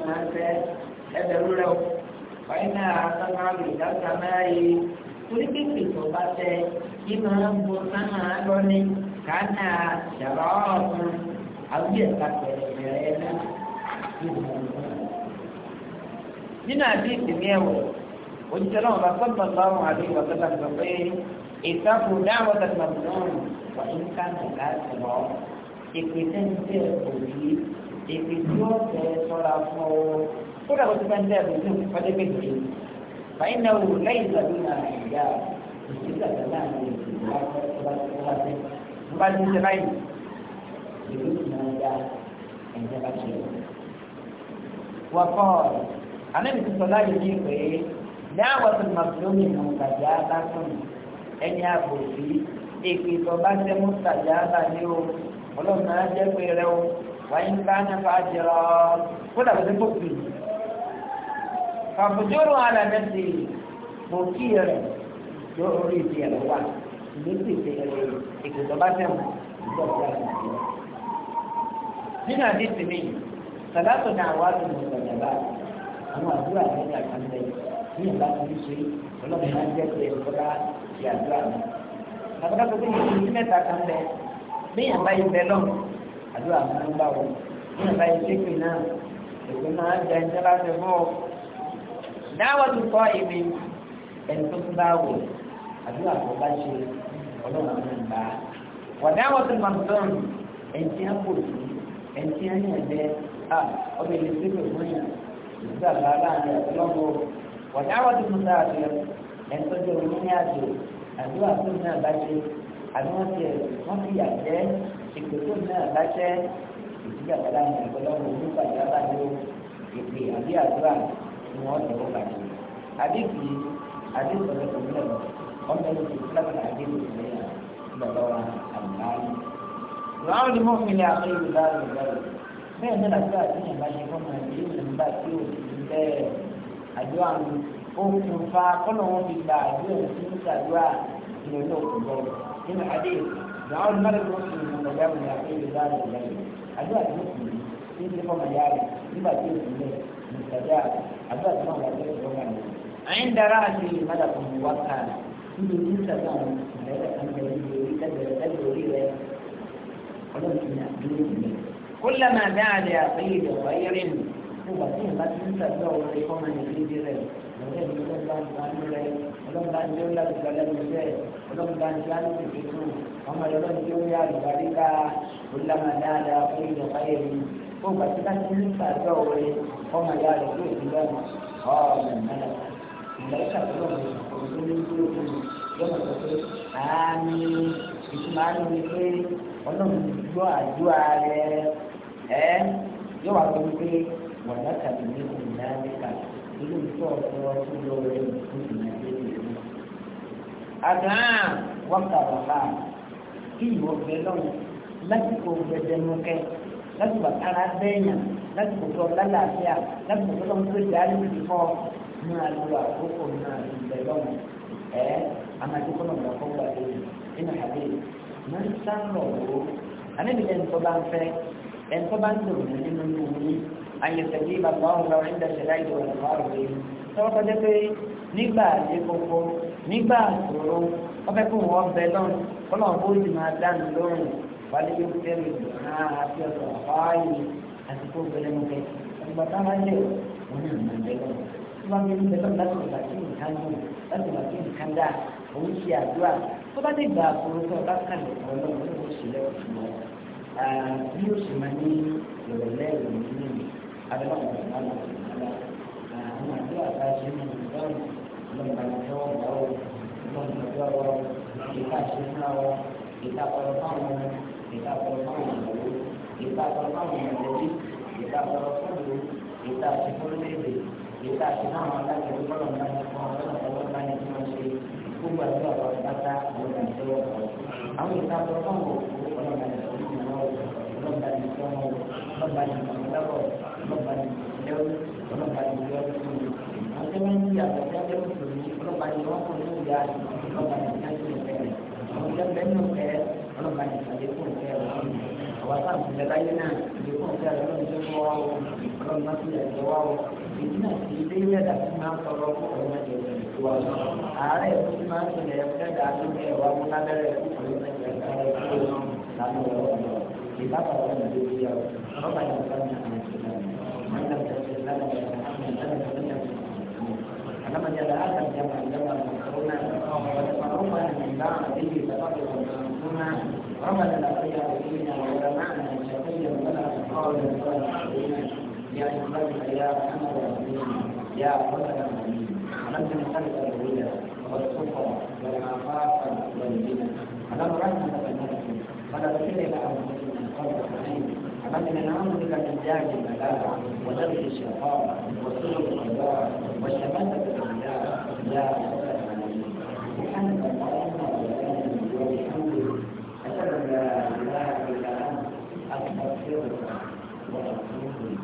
máa fẹ́ ẹbẹ̀rù rẹ̀ o wáyé náà sábà lè dáta náà yé torí pípé tó bá tẹ kí máa ń bo sáà lọ ní kánà yàrá ọ̀tún àwùjọ ẹ̀ka pẹ̀lẹ́ ẹ̀ náà. nínú àdéhùn mi ẹ̀wọ̀ òjíṣẹ́ náà bá sọ́tọ̀ lọ́rùn àdéhùn ọ̀sẹ̀lá sọ pé ìtàkù dáwọ́ tẹ̀sán wà ní kánà láti lọ ìpèsè ń tẹ̀ òbí ìpèsè ọ̀sẹ̀ sọ́ra fún ọ kódà ó ti fẹ́ ń tẹ̀ òbí ìpàdé méjì fàyín náà wò lẹ́yìn ìgbàdú náà ìyá ìgbàdú náà ní ìgbà bá ti ṣe láyìn ìlú náà dá ẹ̀jẹ̀ bá ṣe wọ́n kọ́ àná ìtúsọ láyé ní ìpè é dáwọ́ tó máa fi lómi ìmọ̀ ìtajà bá sùn ẹni ààbò sí èké tó bá ṣe mú ìtajà bá ní o ọlọ́run náà jẹ́ pé rẹ o wáyé ń bá ní fa jẹrọ kódà kó tó kó pè é. fàbùjọ́rò ara rẹ̀ ti mọ̀ kí rẹ̀ tó orí ìdí ẹ̀rọ wà ìgbésí ìdẹ̀rẹ̀ èké tó bá ṣe mú ìjọba ìjọba. nínú àdéhùn mi sàlátò náà wà lóun ìgbàjàmbá àwọn àdúrà lẹ́yìn Ini adalah tó ti ṣe ọlọ́run máa ń jẹ́ pé ìfọ́dá ti àdúrà mi. àbúrò tó ti ṣe ní mẹ́ta kan bẹ bí ìyàmbá yìí bẹ lọ́n àdúrà mi ń bá wọ bí ìyàmbá yìí ṣe pè náà èpè máa ń jẹ ẹjẹ́ bá ṣe fún ọ. dáwọ́ ti kọ́ èmi ẹni tó ti bá wọ àdúrà tó bá ṣe ọlọ́run wọ̀nyáwó ti fún sáà fi ẹ̀ńtọ́jú oníyìn àjò àdúrà tó náà bá ṣe àbí wọ́n ti wọ́n fi yà jẹ́ ìpè tó náà bá ṣẹ́ ìdíjà padà ní ìpọlọ́wọ́ onígbàjọ́ àbájọ ìpè àbí àdúrà ni wọ́n ti wọ́n bàjẹ́ àdébì àdébì ọ̀rẹ́kùn mílẹ̀ ọmọ ẹni tó àjọ àmì okùnfà kọ́nà wọn fi gba àjọ ìrètí ní sàdúrà ìlú náà kò lọ nínú adé ìgbà wọn mẹ́rin ló fi ìmọ̀ ọ̀gá mi àti ìlú bá rẹ̀ lẹ́yìn àjọ àti ìlú tí ń tẹ́fọ́ màyá rẹ̀ nígbà tí ìlú rẹ̀ ní sàdúrà àjọ àti ìmọ̀ ọ̀gá rẹ̀ lọ́wọ́ rẹ̀. àyìn dára àti ìmọ̀lá kò ní wá ká nínú ní sàdúrà ìrẹ̀lẹ̀ kan bẹ̀rẹ̀ lórí lẹ́gbẹ̀rẹ̀ ìgbà tí ìgbà tí ń tàbí ọ̀rọ̀ rẹ̀ kọ́ máa nìyí bí rẹ̀ lọ́dẹ̀ ní ọlọ́mọba ìgbàanú rẹ̀ ọlọ́mọba ní ó láti gbà lẹ́nu iṣẹ́ ọlọ́mọba ní láti tètè tù ọmọ ìlọ́lọ́ ní ó yá àlùbáríkà olùdámà dáadáa fún ìjọba yẹn ni ó gbà tí láti ń tàbí ọ̀rọ̀ rẹ̀ ọmọ ìyá rẹ̀ tó èdè lọ́nà ọ̀ọ́mọ̀ mẹ́ta ìgbàlẹ́kà tó lọ́nà òṣèlú ní ìlú yọmọ sọ pé àmì ìtumọ̀ àánú ni pé ọlọ́run gbọ́ àdúrà rẹ̀ ẹ́ yọ wà pé wàlá tàbí ní ìlànà ilé ìfọ̀ ọ̀sẹ̀ ọtí lọ́wọ́ rẹ̀ ní ìlànà ìlú. àgàn wákà wàhà kí ìwọ bẹ lọ́wọ́ láti kó gbẹdẹmukẹ́ láti bàtàrà bẹ́ẹ̀yàn láti kó tọ́ lálàáfíà láti kó tọ́ tó dáa ní ìfọ̀ ní àlọ́ àkókò náà ìbẹ̀ lọ́wọ́ ẹ̀ amadukọ́ náà lọ́kọ́ gbà lóyún nínú àbẹ́yẹ máa ń sá lọ́wọ́ àlẹ́ mi bá ń fẹ́ ẹ̀ńtọ́ bá ń lò nínú ìwé àyè tẹ̀lé bàbá òun lọ ìdá ṣẹlá ìdòwò ẹ̀fọ́ òde tọ́wọ́ kọjá pé nígbà àti kókó nígbà àtòrò ọbẹ̀ kó wọ́n bẹ lọ́n kọ́lọ̀ bó ti máa dánù lóhùn wálé tẹ́lẹ̀ náà àti ọ̀sọ̀ àfáàyè àti kó gbẹlẹ́ mú ọgbà táwa lè ní àmà bẹ lọ́n tí ń bẹ lọ́n láti ìgbà tí nǹkan dùn láti ṣe máa ní ìrọ̀lẹ́ ìrọ̀lẹ́ adama subhanahu wa ta'ala àwọn àdúrà tá a ṣe nínú ìdáhùn lọ́nà ìjọba ìdáwọ̀ lọ́nà ìjọba ìta ṣe náà wọ ìta kọ̀rọ̀ fáwọn ìta kọ̀rọ̀ fáwọn ìyàwó ìta kọ̀rọ̀ fáwọn ìyàwó ìta kọ̀rọ̀ fọ́ọ̀lù ìta ṣe fọ́ọ̀lù ìta Kita kalau ti máa kalau banyak ẹ̀fẹ́dà yang ẹ̀rọ فلما جاء آدم كما عندما يذكرون فهم من باع به فقدر منهما رمل الأقيا فينا ولمعنا شقيا ولا قولا ولا قولا يا إخوانك يا محمد يا رجل أنت من خلق الهدى والكفر والعفاف والدين ألم رحمة الملك فلا تكلم أنفسنا قلب حنين مثلا عمرك بالجاه البلاغه ودرس الشقاوه وسلوك القضاء والشماتة الأعداء لا أسأل عليه سبحانك اللهم أن لا إله